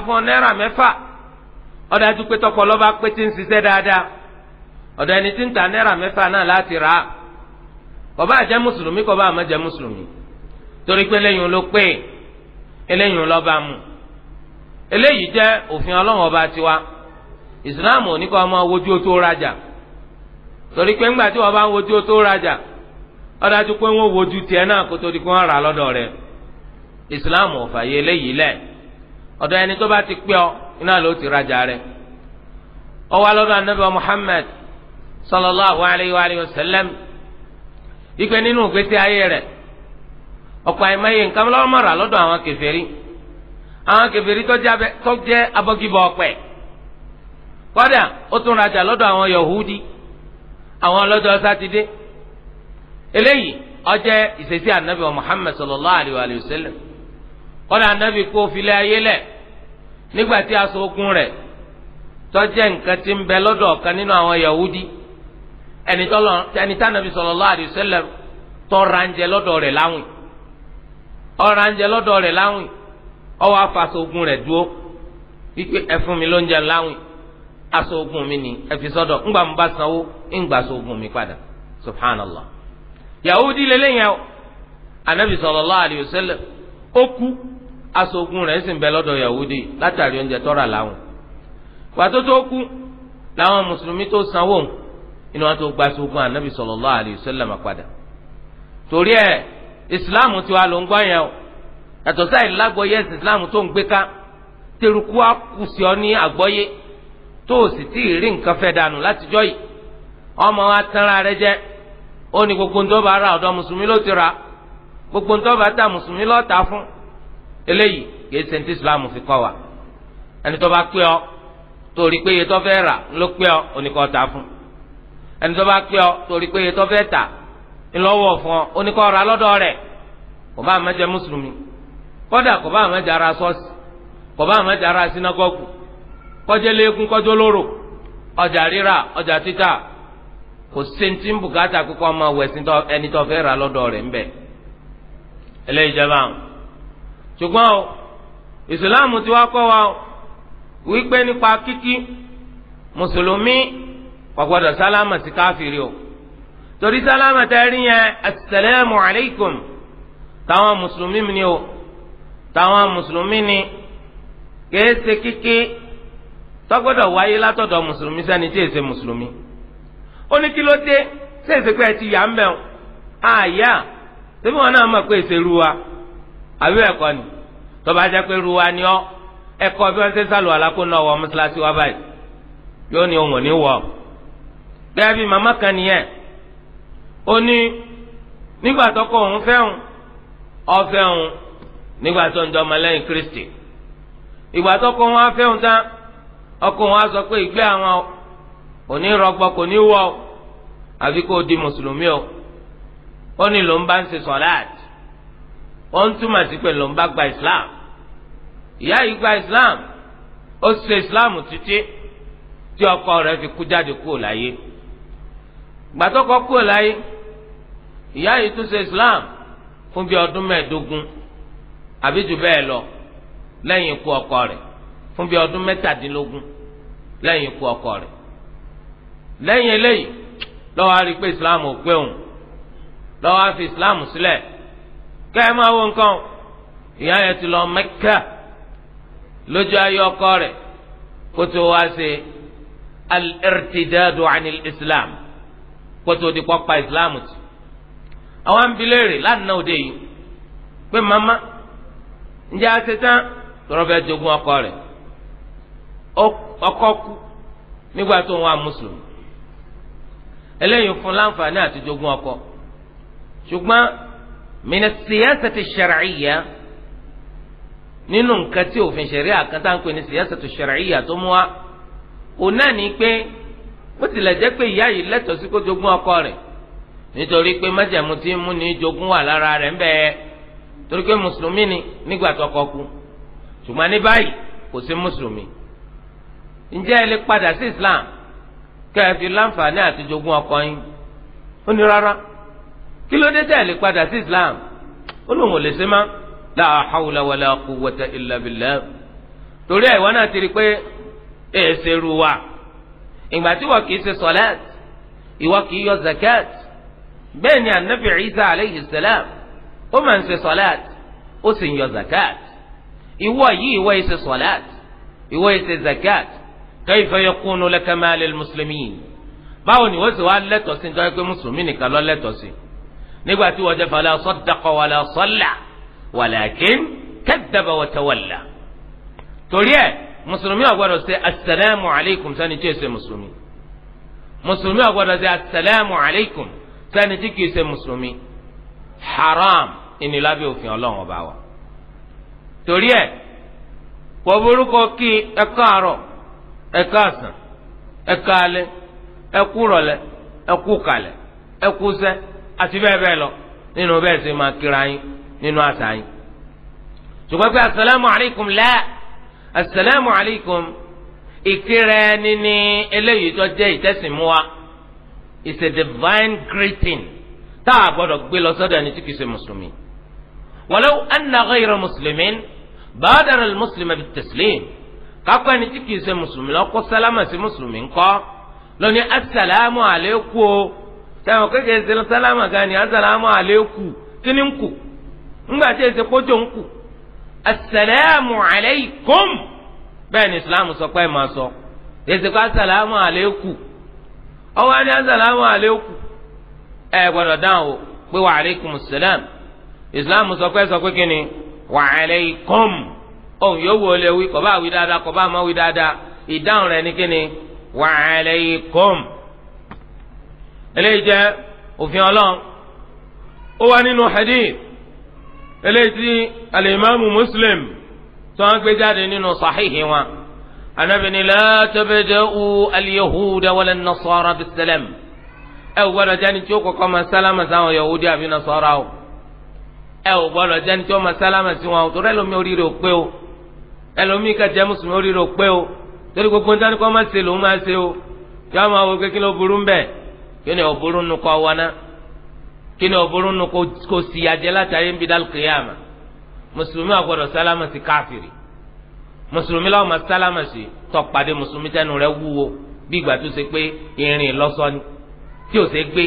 fún ọ náírà pé tọkọ pé ti ń ṣiṣẹ́ dáadáa ọ̀dọ̀ ẹni tí ń ta náírà mẹ́fà náà láti rà á mùsùlùmí mùsùlùmí islam ò ní kọ́ ọmọ wojú tó rajà torí pé ńgbà tí wọ́n bá ń wojú tó rajà ó pé wọ́n wojú tiẹ̀ náà kó tó di kó wọ́n rà lọ́dọ̀ rẹ̀ islam ò fàyè eléyìí lẹ̀ ọ̀dọ̀ ẹni tó bá ti pẹ́ ọ iná ló ti rajà rẹ̀ ó lọ́dọ̀ anabi muhammad sallallahu alayhi wa alayhi wa sallam ìpè nínú ìgbésí ayé rẹ̀ ọ̀pọ̀ nǹkan lọ́wọ́ lọ́dọ̀ àwọn àwọn tó jẹ́ abọ́gibọ̀ ọ̀pẹ̀ kọ́dà ó tún rajà lọ́dọ̀ àwọn yahudi àwọn ọlọ́jọ́ sátidé eléyìí ọjẹ́ ìṣesí anabi wa muhammed sallallahu alayhi wa sallam kọ́dà anabi kó filẹ̀ ayé lẹ̀ nígbà tí aṣọ ogun rẹ̀ tọ́jẹ́ nǹkan tí ń bẹ lọ́dọ̀ ọ̀kan yahudi ẹni tánàbí sallallahu alayhi wa sallam tọ́ ránjẹ lọ́dọ̀ rẹ̀ láwìn lọ́dọ̀ rẹ̀ láwìn ogun rẹ̀ dúró wípé ẹ fún mi láwìn asogun ogun mi ni ẹ fi sọ́dọ̀ ńgbà mo sanwó ńgbà aṣọ ogun mi padà subhanallah yahudi lélẹ́yìn o anabi sallallahu alayhi wa sallam ó kú aṣọ ogun rẹ̀ ń bẹ lọ́dọ̀ yahudi látàrí oúnjẹ tọrọ láwọn pàtó tó kú làwọn mùsùlùmí tó sanwó inú wọn tó gba aṣọ anabi sallallahu alayhi wa sallam padà torí ẹ islam ti wa ló ń gbọ́ yẹn o yàtọ̀ sáyẹn lágbọ́yé islam tó ń gbé ká teruku akusi ọ ní àgbọ́yé tó o sì tí ì rí nǹkan fẹ́ dànù látijọ́ yìí ọmọ wa tanra rẹ ó gbogbo ntọ́ bá ra ọ̀dọ̀ mùsùlùmí ló ra gbogbo ntọ́ bá ta mùsùlùmí ló ta fún eléyìí kìí ṣe ti fi kọ́ wa ẹni tó bá pé ọ torí pé iye tó fẹ́ rà ló pé ọ oníkọ́ ta fún ẹni tó bá pé ọ torí pé iye ra lọ́dọ̀ rẹ̀ kò bá àmọ́jẹ mùsùlùmí kò bá ara kò bá kọjá léegun kọjá olóró ọjà rírà ọjà títà kò sentí bùkátà kó kọ́ ọmọ wẹ̀sìn ẹni tó fẹ́ rà lọ́dọ̀ rẹ̀ ńbẹ̀ eléyìí jẹba àwọn. ṣùgbọ́n o ìsìláàmù ti wá kọ́ wa o wípé nípa kíkí mùsùlùmí kò gbọdọ̀ sálámà sí káfíìrì o torí sálámà tẹ́ rí yẹn asalaamu alaykum táwọn mùsùlùmí ni o táwọn mùsùlùmí ni kèé ṣe kíkí tọ́gbọ́dọ̀ wáyé látọ̀dọ̀ mùsùlùmí sẹ́ni tí èsè mùsùlùmí ó ní kí ló dé ṣé èsè pé ẹ ti yà ń bẹ̀ àyà ṣébí wọn náà mọ̀ pé èsè ruwa àbí ẹ̀kọ́ ni tọ́ba jẹ́ pé ruwa ni ọ́ ẹ̀kọ́ bí wọ́n ṣe sálù alákó náà wọ mọ́ṣáláṣí wa báyìí yóò ní òun ò ní wọ̀ gẹ́gẹ́ bí màmá kan nìyẹn ó ní nígbà tó kọ òun fẹ́hùn ọ fẹ́hùn nígbà tó ń jọ ọmọlẹ́yìn Kristi ìgbà tó kọ òun á fẹ́hùn tán ọkọ wọn á sọ pé ìgbé àwọn kò ní rọgbọ kò ní wọ àfi kó di mùsùlùmí o ó ní ló ń bá ń ṣe sọláàt ó ń túmọ̀ sí pé ló ń bá gba islam ìyá yìí gba islam ó ṣe islam títí tí ọkọ rẹ̀ fi kú jáde kúrò láyé gbàtọ́kọ kúrò láyé ìyá yìí tún ṣe islam fún bí ọdún mẹ́ẹ̀ẹ́dógún àbí jù bẹ́ẹ̀ lọ lẹ́yìn ikú ọkọ rẹ̀ fún bíi ọdún mẹ́tàdínlógún lẹ́yìn ikú ọkọ rẹ̀ lẹ́yìn eléyìí lọ́wọ́ á rí i pé islam ò pé òun lọ́wọ́ á fi islam sílẹ̀ kẹ́ máa wo nǹkan ìyá yẹn ti lọ mẹ́kà lójú ayé ọkọ rẹ̀ kó tó wá ṣe al anil islam kó tó di pọ́pa islam tì àwọn abiléèrè lánàá òde yìí pé màmá ǹjẹ́ a ṣe tán tọrọ fẹ́ jogún ọkọ rẹ̀ ọkọ kú nígbà tó ń wá mùsùlùmí eléyìí fún láǹfààní àti jogún ọkọ ṣùgbọ́n mina siyasati shar'iyya nínú nǹkan tí òfin ṣẹ̀ríà kan tá à ń pè ní siyasati shar'iyya tó mú wa òun náà ní pé bó tilẹ̀ jẹ́ pé ìyá yìí lẹ́tọ̀ọ́ sí kó jogún ọkọ rẹ̀ nítorí pé májẹ̀mú tí mú ní jogún wà lára rẹ̀ ń bẹ́ẹ̀ torí pé mùsùlùmí ni nígbà tó kọ kú ṣùgbọ́n ní báyìí kò sí mùsùlùmí ǹjẹ́ ẹ lè padà sí islam kẹ́ ẹ fi láǹfààní àti jogún ọkọ yín ó ní rárá kí ló dé tẹ́ ẹ lè padà sí islam ó lóun ò lè ṣe má la hawla wala quwwata illa billah torí ẹ̀ wọ́n náà ti rí pé èsè ru wa ìgbà tí wọ́n kì í ṣe sọ̀lẹ́t ìwọ kì í yọ zakat bẹ́ẹ̀ ni anabi isa aleyhi salam ó máa ń ṣe sọ̀lẹ́t ó sì ń yọ zakat ìwọ yìí ìwọ yìí ṣe sọ̀lẹ́t ìwọ yìí ṣe zakat kayfa yakunu laka malul muslimin báwo ni wọ́n sì wá lẹ́tọ̀ọ́ sí nítorí pé mùsùlùmí nìkan ló lẹ́tọ̀ọ́ sí nígbà tí wọ́n jẹ́ fala saddaqa wala salla walakin kadaba wa tawalla torí ẹ̀ mùsùlùmí ò gbọ́dọ̀ ṣe asalaamu alaykum sani tí ì ṣe mùsùlùmí mùsùlùmí ò gbọ́dọ̀ ṣe asalaamu alaykum sani tí kì í ṣe mùsùlùmí haram ìnilábẹ òfin Ọlọ́run ọba wa torí ẹ káàárọ̀ ẹ káàsán ẹ káalẹ́ ẹ kú rọ̀lẹ́ ẹ kú kalẹ̀ ẹ kú sẹ́ àti bẹ́ẹ̀ bẹ́ẹ̀ lọ nínú bẹ́ẹ̀ sì máa kíra yín nínú àṣà yín. ṣùgbọ́n pé asalaamu alaykum lẹ́ asalaamu alaykum ìkírẹ ẹni eléyìí tó jẹ́ ìtẹ́sìmú wa it's a divine greeting tá a gbọ́dọ̀ gbé lọ sọ́dọ̀ ẹni tí kì í ṣe mùsùlùmí. walaw anna ghayra muslimin badara al-muslima bit-taslim. kápẹ́ ni tí kìí ṣe mùsùlùmí lọ́kọ́ sálámà sí mùsùlùmí ńkọ́ lónìí asàlámù àlékù o táwọn kékeré ṣe sálámà gan ni asàlámù àlékù kí ni ń kù ńgbà tí èsè kójó ń kù asàlámù àlékùm bẹ́ẹ̀ ni islam sọ pé máa sọ èsè kó asàlámù àlékù ọwọ́ ni asàlámù àlékù ẹ gbọ́dọ̀ dáhùn o pé wa alaykum salam islam sọ pé sọ ni wa ohun yóò wò lè wí kò bá wí dáadáa kò bá má wí dáadáa ìdáhùn rẹ̀ ní kíni wa alaykum. eléyìí jẹ́ òfin ọlọ́run ó wá nínú hadith eléyìí tí alimami muslim tó ń gbé jáde nínú sàhíhì wọn anabini la tabda'u al-yahuda wala nasara bis ẹ ò gbọ́dọ̀ jẹ́ni tí ó kọ́kọ́ máa sálámà sáwọn yahudi àbí nasara o ẹ ò gbọ́dọ̀ jẹ́ni tí ó máa sálámà sí wọn o tó rẹ lómi oríire ò pé o ẹlòmíì ká jẹ́ mùsùlùmí ó rírò pé o torí gbogbo nítorí kọ́ máa ṣe lòun máa ṣe o yọ àwọn àwọn kékeré òburú ń bẹ̀ kí ni òburú nu kọ́ wọná kí ni òburú nu kò sì yàjẹ́ látàrí nbí dálùkìyàmà mùsùlùmí ò sálámà sí káfìrì mùsùlùmí làwọn máa sálámà sí tọpàdé mùsùlùmí tẹnu rẹ̀ wúwo bí ìgbà tó ṣe pé irin lọ́sọ tí ò ṣe gbé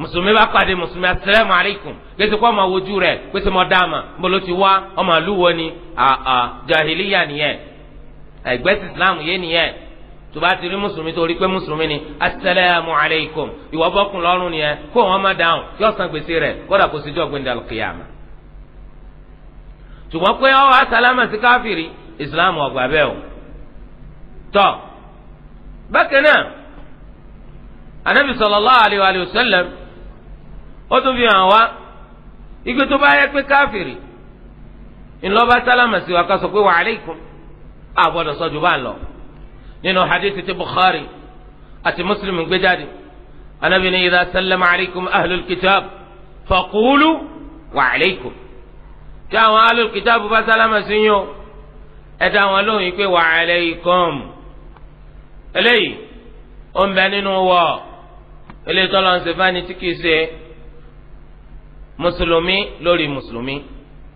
mùsùlùmí bá pàdé mùsùlùmí asalaamu alaykum gbèsè kó ọmọ wojú rẹ gbèsè mọ dáama mbọlọ ti wá ọmọ àlúwo ni àà jahiliya nìyẹn ẹgbẹ́ ti islam yé nìyẹn tó bá ti rí mùsùlùmí tó rí pé musulmi ni asalaamu alaykum ìwọ bọ́kùn lọ́rùn nìyẹn kó wọn má dáhùn yóò san gbèsè rẹ kódà kó sì jọ gbẹndà kìyàmà. ṣùgbọ́n pé ọ asalaamu sí káfíìrì islam ọgbà bẹ́ẹ̀ o tọ́ bákan náà anabi sallallahu alayhi wa sallam ó tún fi hàn wá ike tó bá yẹ pé káfìrì ńlọba sálámà sí wa ká sọ pé wa alaykum àbọ̀dọ̀ sọ́jú bá ń lọ nínú hadithi ti Bukhari àti Muslim gbé jáde anabi ni idha sallama alaykum ahlul kitab faqulu wa alaykum tí àwọn ahlul kitab bá sálámà sí yín o ẹ dá wọn lóhùn yìí pé wa alaykum eléyìí ó ń bẹ nínú wọ eléyìí tọ́lọ́ ń ṣe fáni tí kìí ṣe mùsùlùmí lórí mùsùlùmí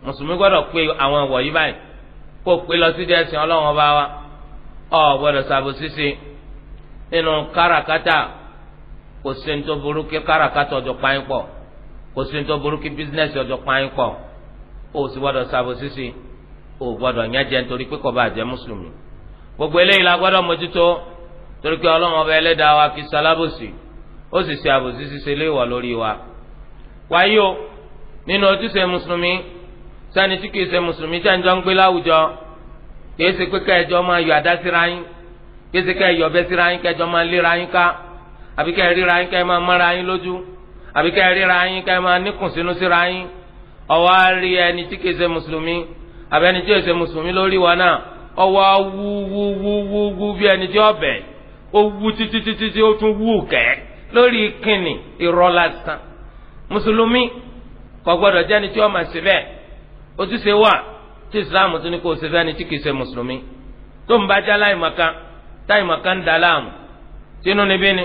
mùsùlùmí gbọ́dọ̀ pé àwọn wọ̀nyí báyìí kó pé lọ sí dẹ́sìn ọlọ́run ọba wa ọ gbọ́dọ̀ ṣàbòsí sí nínú káràkátà kò sí ní tó burú kí káràkátà ọjọ́ pààyàn pọ̀ kò sí ní tó burú kí bísínẹ́sì ọjọ́ pààyàn pọ̀ ó sì gbọ́dọ̀ ṣàbòsí sí ó gbọ́dọ̀ yẹn jẹ nítorí pé kò bá mùsùlùmí gbogbo eléyìí la gbọ́dọ̀ mójútó torí pé ọlọ́run ọba ẹlẹ́dàá wa kì í ṣalábòsí ó sì ṣe àbòsí ṣiṣẹ́ léèwọ̀ lórí wa wáyé o nínú ojúṣe mùsùlùmí sani tí kìí ṣe mùsùlùmí tí a ń jọ ń gbé láwùjọ kìí ṣe pé kẹjọ máa yọ àdá síra yín kìí ṣe kẹyọ bẹ síra yín kẹjọ máa léra yín ká àbí kẹ ríra yín kẹ máa mọ́ra yín lójú àbí kẹ ríra yín kẹ máa níkùn sínú síra yín ọwọ́ á rí ẹni tí kìí ṣe mùsùlùmí àbí ẹni tí kìí ṣe mùsùlùmí lórí wa náà ọwọ́ wú wú wú wú wú bí ẹni tí ọbẹ̀ ó wú títí ó tún wú kẹ́ lórí kìnnì ìrọ̀ kò gbọ́dọ̀ jẹ́ ni tí wọ́n máa ṣe bẹ́ẹ̀ ojúṣe wà tí ìsìláàmù tún ní kó ṣe fẹ́ni tí kìí ṣe mùsùlùmí tó ń bá já láìmọ̀kan táìmọ̀kan ń da láàmù tínú níbí ni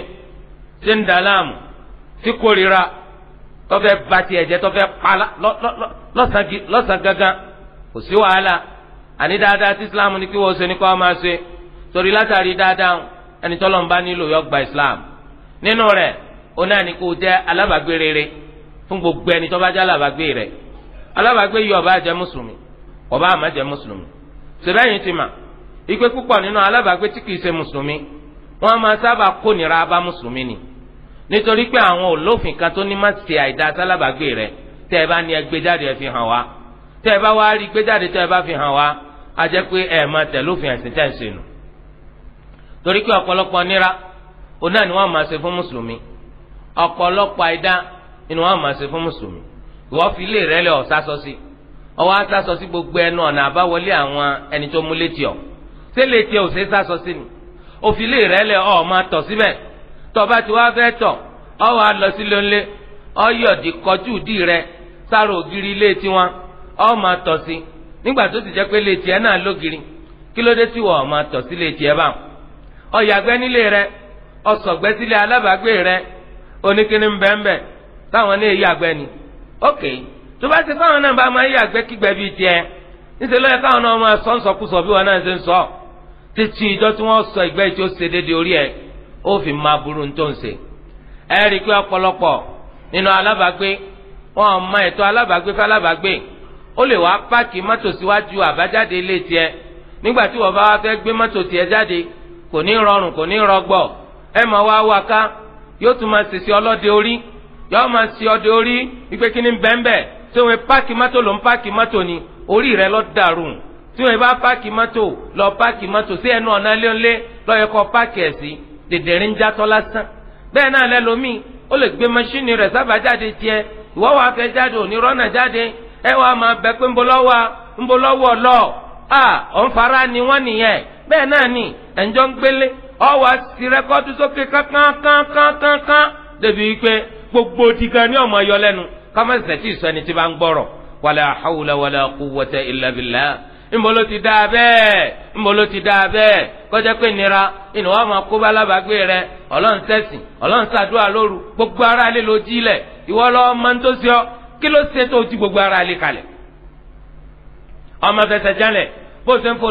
tí ń da láàmù tí kórira tọ́fẹ́ ba tiẹ̀ jẹ́ tọ́fẹ́ pa lọ́sàn gangan kò sí wàhálà àní dáadáa tí ìsìláàmù ní kí wọ́n ṣe ní kó máa ṣe torí látàrí dáadáa ẹni tọ́lọ́mbá nílò yọ gba ìsìláàmù nínú rẹ̀ ó náà ní kó jẹ́ alábàgbé rere fún gbogbo ẹni tó bá jẹ́ alábàágbé rẹ̀ alábàágbé yìí ọba jẹ́ mùsùlùmí ọba àmà jẹ́ mùsùlùmí sèbẹ́yìn ti mà ìpè púpọ̀ nínú alábàágbé tí kìí ṣe mùsùlùmí wọ́n máa sábà kónira bá mùsùlùmí ni nítorí pé àwọn olófin kan tó ní má ṣe àìdá sálábàágbé rẹ̀ tẹ́ ẹ bá ní ẹ gbé jáde ẹ fi hàn wá tẹ́ ẹ bá wá rí gbé tẹ́ ẹ bá fi hàn wá a jẹ́ pé ẹ máa tẹ̀ lófin ẹ̀sìn tẹ́ ẹ ṣe nù torí pé ọ̀pọ̀lọpọ̀ nira òun náà ni wọ́n máa ṣe fún mùsùlùmí ọ̀pọ̀lọpọ̀ àìdá inú wọn máa ṣe fún mùsùlùmí ìwọ fi ilé rẹ lẹ ọ̀sásọ sí ọwọ́ asásọ sí gbogbo ẹnu ọ̀nà àbáwọlé àwọn ẹni tó mú létí ọ ṣé létí ọ ṣe sásọ sí ni òfin ilé rẹ lẹ ọ máa tọ̀ síbẹ̀ tọba tí ọ lọ sí lónlé ọ yọ̀dí kọjú ìdí rẹ ọ máa sí nígbà ti pé létí ẹ náà lógiri kí ló dé tí máa sí létí ẹ ọ nílé rẹ ọ sọ̀gbẹ́ sílé alábàágbé rẹ oníkíní ń táwọn náà yàgbẹ́ ni ok tó bá ti fáwọn náà bá máa yàgbẹ́ kígbẹ́ bíi tiẹ̀ níṣẹ́ lọ́yẹ káwọn náà máa sọ nsọkúsọ bí wọn náà ṣe ń sọ títí ìjọ tí wọ́n sọ ìgbẹ́ tí ó ṣe déédéé orí ẹ̀ ó fi máa burú ní tó ń ṣe ẹ rí i pé ọ̀pọ̀lọpọ̀ nínú alábàágbé wọn mọ ètò alábàágbé fálábàágbé ó lè wá páàkì mọ́tò síwájú àbájáde ilé tiẹ̀ nígbà tí wọ́n bá wá fẹ́ gbé mọ́tò tiẹ̀ jáde kò ní rọrùn kò ní rọgbọ ẹ máa wá wá ká yóò tún máa ṣèṣe ọlọ́dẹ orí yọọ máa ṣe ọdẹ orí wípé kí ni bẹ́ẹ̀nbẹ́ tí wọ́n páàkì mọ́tò ló ń páàkì mọ́tò ni orí rẹ lọ dàrú tí wọ́n bá paaki mọ́tò lọ páàkì mọ́tò sí ẹnu ọ̀nà léńlé lọ́yẹ kọ́ ẹ̀ sí dèdèrè ń jatọ́ lásán bẹ́ẹ̀ náà ó lè gbé rẹ̀ tiẹ̀ ìwọ́ fẹ́ jáde òní rọ́nà jáde ẹ wàá bẹ pé ńbọlọ́wọ́ ńbọlọ́wọ́ lọ à ọ̀nfàrà ni wọ́n nìyẹn bẹ́ẹ̀ náà ni ẹ̀ńjọ́ ń gbélé gbogbo di gan ni ọmọ yọ lẹnu kọ́mọ̀sẹ̀ tí sọ tí bá ń gbọ́rọ̀ wàlà hawla wàlà quwwata ti dáa bẹ́ẹ̀ ńbọ̀ló ti dáa bẹ́ẹ̀ kọjá pé nira ìnáwó àwọn rẹ ọlọ́run sẹ́sìn ọlọ́run sàdúrà lóru gbogbo ara lè lo jílẹ̀ ìwọ tó gbogbo ara lè kalẹ̀ ọmọ fẹsẹ̀ bó ṣe ń fò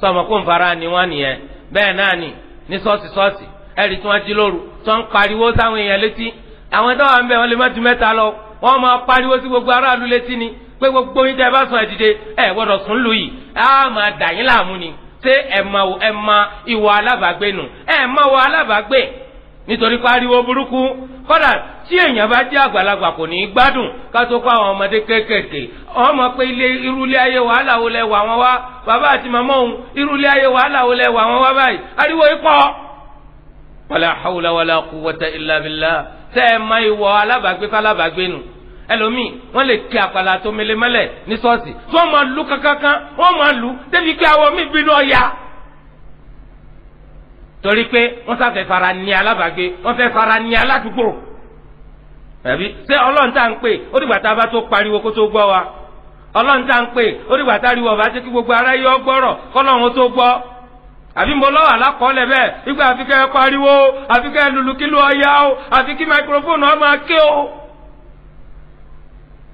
sọmọ kó ń fara ni wọ́n nìyẹn bẹ́ẹ̀ náà ni ní sọ́ọ̀sì sọ́ọ̀sì àwọn tó wà ń bẹ wọn lè má ju mẹ́ta lọ wọn máa pariwo sí gbogbo aráàlú létí ni pé gbogbo yín tẹ ẹ bá sùn ẹ dìde ẹ gbọ́dọ̀ sùn lù yìí á máa dà yín láàmú ni ṣé ẹ ma ẹ ma ìwà alábàágbé nù ẹ ma wà alábàágbé nítorí pariwo burúkú kódà tí èèyàn bá jẹ́ àgbàlagbà kò ní í gbádùn ká tó kó àwọn ọmọdé kéékèèké àwọn ọmọ pé ilé irúlé ayé wàhálà wo lẹ wà wọn wá bàbá àti màmá òun irúlé ayé wàhálà wo lẹ wà wọn wá báyìí ariwo ikọ. wàlá hawla wàlá quwwata illa tẹ́ ẹ ma ìwọ alábàágbé kálábàágbé nù ẹlòmíì wọ́n lè kí àpàlà tó melemẹlẹ ní ṣọ́ọ̀ṣì tí wọ́n máa lu kankankan wọ́n máa lu débi kí àwọn míì bínú ọyà torí pé wọ́n sáfẹ́ fara ní alábàágbé wọ́n fẹ́ fara ní aládùúgbò àbí ṣé ọlọ́run tá à ń pè ó dìgbà tá a bá tó pariwo kó tó gbọ́ wa ọlọ́run tá à ń pè ó dìgbà tá a rí wọ̀ bá ṣe kí gbogbo ará yọ gbọ́rọ̀ kọ́lọ́run tó gbọ́ àbí mo lọ́wọ́ alákọ̀ọ́lẹ̀ bẹ́ẹ̀ nígbà àfi kẹ́ ẹ pariwo àfi kẹ́ ẹ lulu kí ló ọya o àfi kí microphone ọ máa ké o.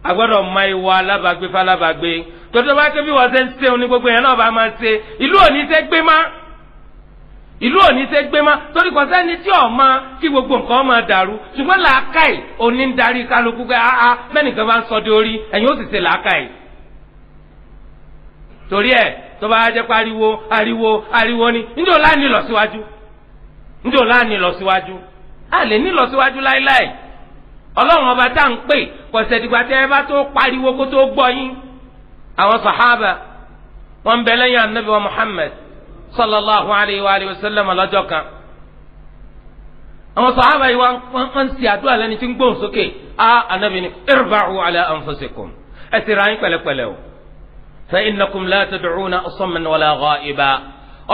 a gbọ́dọ̀ mọ ìwà alábàgbé falábàgbé tọ́jú bá ké bí wọ́n ṣe ń ṣe ní gbogbo yẹn náà bá máa ṣe ìlú òní ṣe gbé má ìlú òní ṣe gbé má torí kò sẹ́ni tí ò máa kí gbogbo nǹkan máa dàrú ṣùgbọ́n làákàyè òní ń darí kálukú pé áá ah, mẹ́nìkan ah, bá ń sọ de orí ẹ̀yin ó sì ṣe làákàyè torí ẹ̀ tó bá jẹ́ pé ariwo ariwo ariwo ni njó la ní lọ́síwájú njó la ní lọ́síwájú a lè ní lọ́síwájú láéláé ọlọ́run ọba tá à ń pè kọ̀sẹ̀ dìgbà tẹ́ ẹ bá tó pariwo kó tó gbọ́ yín àwọn sàhábà wọn bẹ lẹ́yìn anabi wa Muhammad sallallahu alayhi wa alayhi wa sallam lọ́jọ́ kan àwọn sàhábà yìí wọ́n ń ṣe àdúrà lẹ́ni tí ń gbóhùn sókè a anabi ni irba'u ala anfusikum ẹ sì ra yín pẹ̀lẹ́pẹ̀lẹ́ o. fa innakum la tad'una asamman wala ghaiba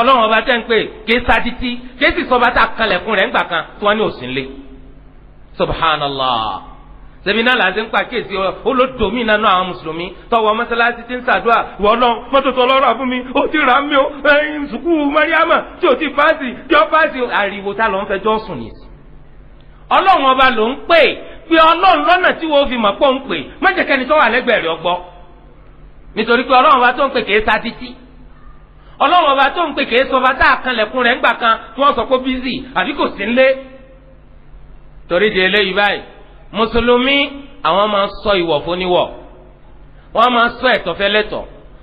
ọlọ́run ọba tẹ́ ń pè ké sadití ké sì sọ bá ta kalẹ̀kùn rẹ̀ ńgbà kan tí wọ́n ní òsín lé subhanallah sẹbi náà làásì ń pa kéèsì olódòmí nánú àwọn mùsùlùmí tọwọ mọ́sálásí ti ń ṣàdúrà wọ náà mọ́tò tó mi ó ti rà mí o ẹyin sùkú mariama tí o ti fáàsì tí o fáàsì ariwo ta ló ń fẹjọ́ sùn ní. ọlọ́run ọba ló ń pè pé ọlọ́run lọ́nà tí wọ́n fi mọ̀ pọ̀ ń pè má tó wà lẹ́gbẹ̀ẹ́ rẹ̀ nítorí pé ọlọ́run ọba tó ń pè kèé sadití ọlọ́run ọba tó ń pè kèé sọba tá a kanlẹ̀kùn rẹ̀ ńgbà kan tí wọ́n sọ pé bízì àbí kò sí ńlé torí di eléyìí báyìí mùsùlùmí àwọn máa ń sọ ìwọ̀ fúnníwọ̀ wọ́n máa ń sọ ẹ̀tọ́ fẹ́lẹ́tọ̀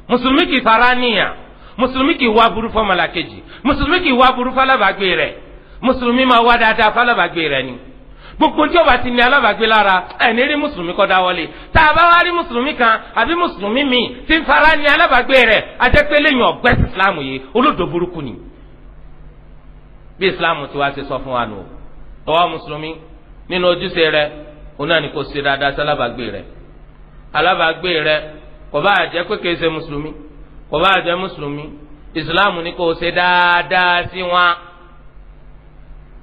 mùsùlùmí kì í fara níyàn mùsùlùmí kì í wá burú fọmọlàkejì mùsùlùmí kì í wá burú fálábàgbé rẹ̀ mùsùlùmí máa wá dáadáa fálábàgbé rẹ̀ ni. gbogbo tí ọba ti ní alábàágbé lára ẹni rí mùsùlùmí kọ́ dáwọ́lé tá a bá wá rí mùsùlùmí kan àbí mùsùlùmí mi ti ń fara ní alábàágbé rẹ̀ ajẹ́pẹ́ lẹ́yìn ọ̀gbẹ́ islamu yìí olódò burúkú ni. bí ìsìláàmù ti wá ṣe sọ fún wa nù ọwọ́ mùsùlùmí nínú ojúṣe rẹ̀ òun náà ni kò ṣe dáadáa sí alábàágbé rẹ̀ alábàágbé rẹ̀ kò bá jẹ́ pé kì í ṣe mùsùlùmí kò bá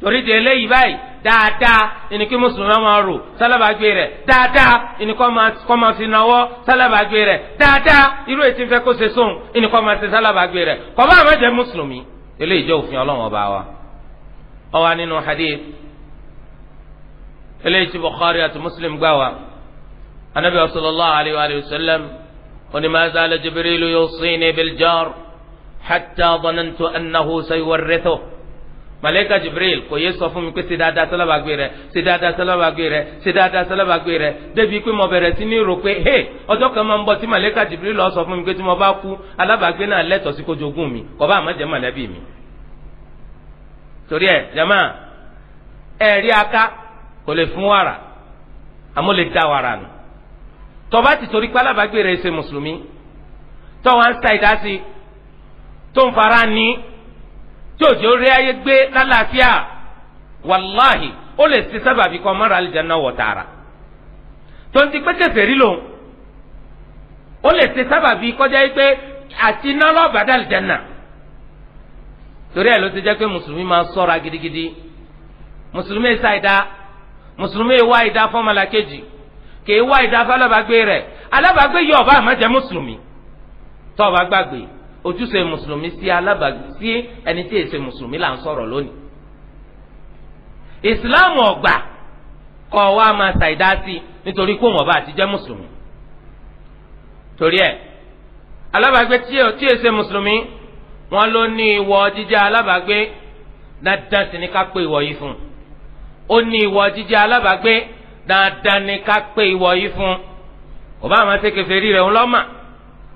torí de eléyìí báyìí dáadáa ìníkí mùsùlùmí máa rò sálábàgbé rẹ̀ dáadáa ìníkọ́ máa fi náwó sálábàgbé rẹ̀ dáadáa irú ètí ń fẹ́ kó ṣe sóhun ìníkọ́ máa ṣe sálábàgbé rẹ̀ kọ́bá àmọ́ jẹ́ mùsùlùmí eléyìí jẹ́ òfin ọlọ́run ọba wa. ó wà nínú hadith eléyìí tí bukhari àti muslim gbà wá anabi sallallahu alayhi wa sallam oní ma zala jibrilu yusini bil jar hatta dhanantu annahu sayuwarrithuhu malayika jibril kò yé sọ fún mi pé ṣe dáadáa sálábàgbé rẹ ṣe dáadáa sálábàgbé rẹ ṣe dáadáa sálábàgbé rẹ débi pé mo bẹ̀rẹ̀ sí ní rò pé hey ọjọ́ kan máa ń bọ̀ tí malayika jibril lọ sọ fún mi pé tí mo bá kú alábàgbé náà lẹ́tọ̀ọ́ sí kó jogún mi kò bá má jẹ́ mọ̀lẹ́bí mi. torí ẹ jama ẹ̀rí aká kò lè fún wàrà àmọ́ lè dá wàrà nù tọba ti torí pé alábàgbé rẹ ṣe mùsùlùmí tọ́wọ́ tí òjò rí ayé gbé lálàáfíà wàláhì ó lè ṣe sábàbí kan mọ́ra àlìjáná wọ̀ tààrà tonti pé kèfèrí lòun ó lè ṣe sábàbí kọjá yìí pé àti iná lọ́ọ̀bà dàlìjáná torí ẹ̀ ló ti jẹ́ pé mùsùlùmí máa sọ́ra gidigidi mùsùlùmí ẹ̀ ṣàìdá mùsùlùmí ẹ̀ wá ìdá fọ́mọlàkejì kì í wá ìdá fọ́lábàgbé rẹ̀ alábàgbé yọ ọba àmọ́jẹ́ mùsùlùmí tọ́ ọba gbàgbé ojúṣe mùsùlùmí sí alábàgbé sí ẹni tí èsè mùsùlùmí là ń sọ̀rọ̀ lónìí ìsìláàmù ọ̀gbà kọ́ wa máa ṣàìdá sí nítorí kó wọn bá ti jẹ́ mùsùlùmí torí ẹ̀ alábàgbé tí èsè mùsùlùmí wọn ló ní ìwọ jíjẹ alábàgbé dandan sì ni ká pé ìwọ yìí fún ó ní ìwọ jíjẹ alábàgbé dandan ni ká pé ìwọ yìí fún ọba àwọn asekeferi rẹ ńlọmọ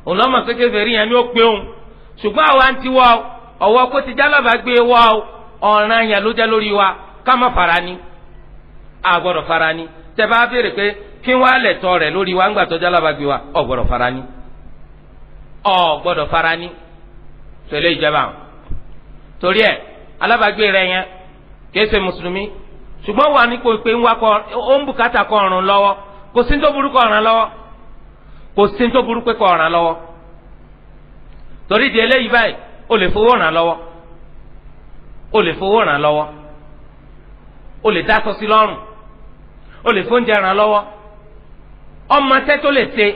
ńlọmọ asekeferi yẹn ni ó pé òun ṣùgbọ́n àwa ń tiwọ́ ọ̀wọ́ kó ti jálábàgbé wọ́ ọ̀ràn yẹn ló jẹ́ lórí wa ká má fara ni a gbọ́dọ̀ fara ni tẹ bá béèrè pé kí wọ́n á lẹ̀ tọ́ rẹ̀ lórí wa ńgbà tó wa ọ̀ gbọ́dọ̀ fara ni ọ̀ gbọ́dọ̀ fara ni tẹ̀lé ìjọba torí ẹ̀ alábàgbé rẹ̀ yẹn kìí ṣe mùsùlùmí ṣùgbọ́n wà ní kò pé kọ ó kọ ọ̀ràn lọ́wọ́ kò sí ní tó burú kọ torí di eléyìí báyìí o lè fowó ràn lọ́wọ́ o lè fowó ràn lọ́wọ́ o lè dáṣọ sí lọ́rùn o lè fóúnjẹ ràn lọ́wọ́ ọmọ tẹ́ tó lè ṣe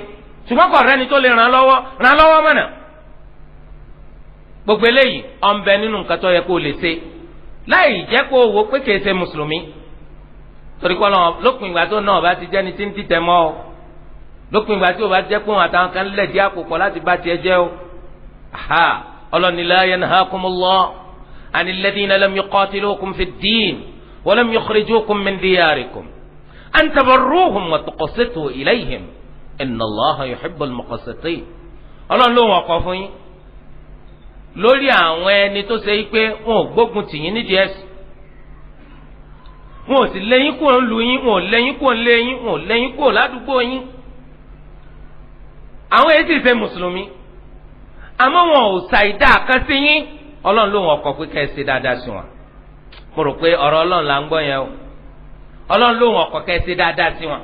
ṣùgbọ́n kò rẹ́ni tó lè ràn lọ́wọ́ ràn lọ́wọ́ mọ̀nà gbogbo eléyìí ọ̀nbẹ nínú nǹkan tó yẹ kó o lè ṣe láì jẹ́ kó o wo pé kìí ṣe mùsùlùmí torí kọ́ lọ́wọ́ lópin ìgbà tó náà bá ti jẹ́ ni tí ń títẹ̀ mọ́ o lópin ìgbà tí o bá jẹ́ pé òun àtàwọn kan lẹ̀ dí àpò pọ̀ láti bá tiẹ̀ jẹ́ o ha ọlọ́ni la yanhakumullah anil ladina lam yuqatilukum fid din wa lam yukhrijukum min diyarikum an tabarruhum wa tuqsitu ilayhim inna Allaha yuhibbul muqsitin ọlọ́ni ló wọ̀ kọ́ fún yín lórí àwọn ẹni tó ṣe pé wọn ò gbógun tì yín nídìí ẹ̀sìn wọn ò sì lẹ́yìn kúrò ń lu yín wọn ò lẹ́yìn kúrò ń lé yín wọn ò lẹ́yìn kúrò ládùúgbò yín àwọn èyí sì ṣe mùsùlùmí àmọ́ wọn ò ṣàìdá kan yín ọlọ́run ló wọn kọ pé kẹ́ ẹ ṣe dáadáa sí wọn mo rò pé ọ̀rọ̀ ọlọ́run là ń gbọ́ yẹn o ọlọ́run ló wọn kọ kẹ́ ẹ ṣe dáadáa sí wọn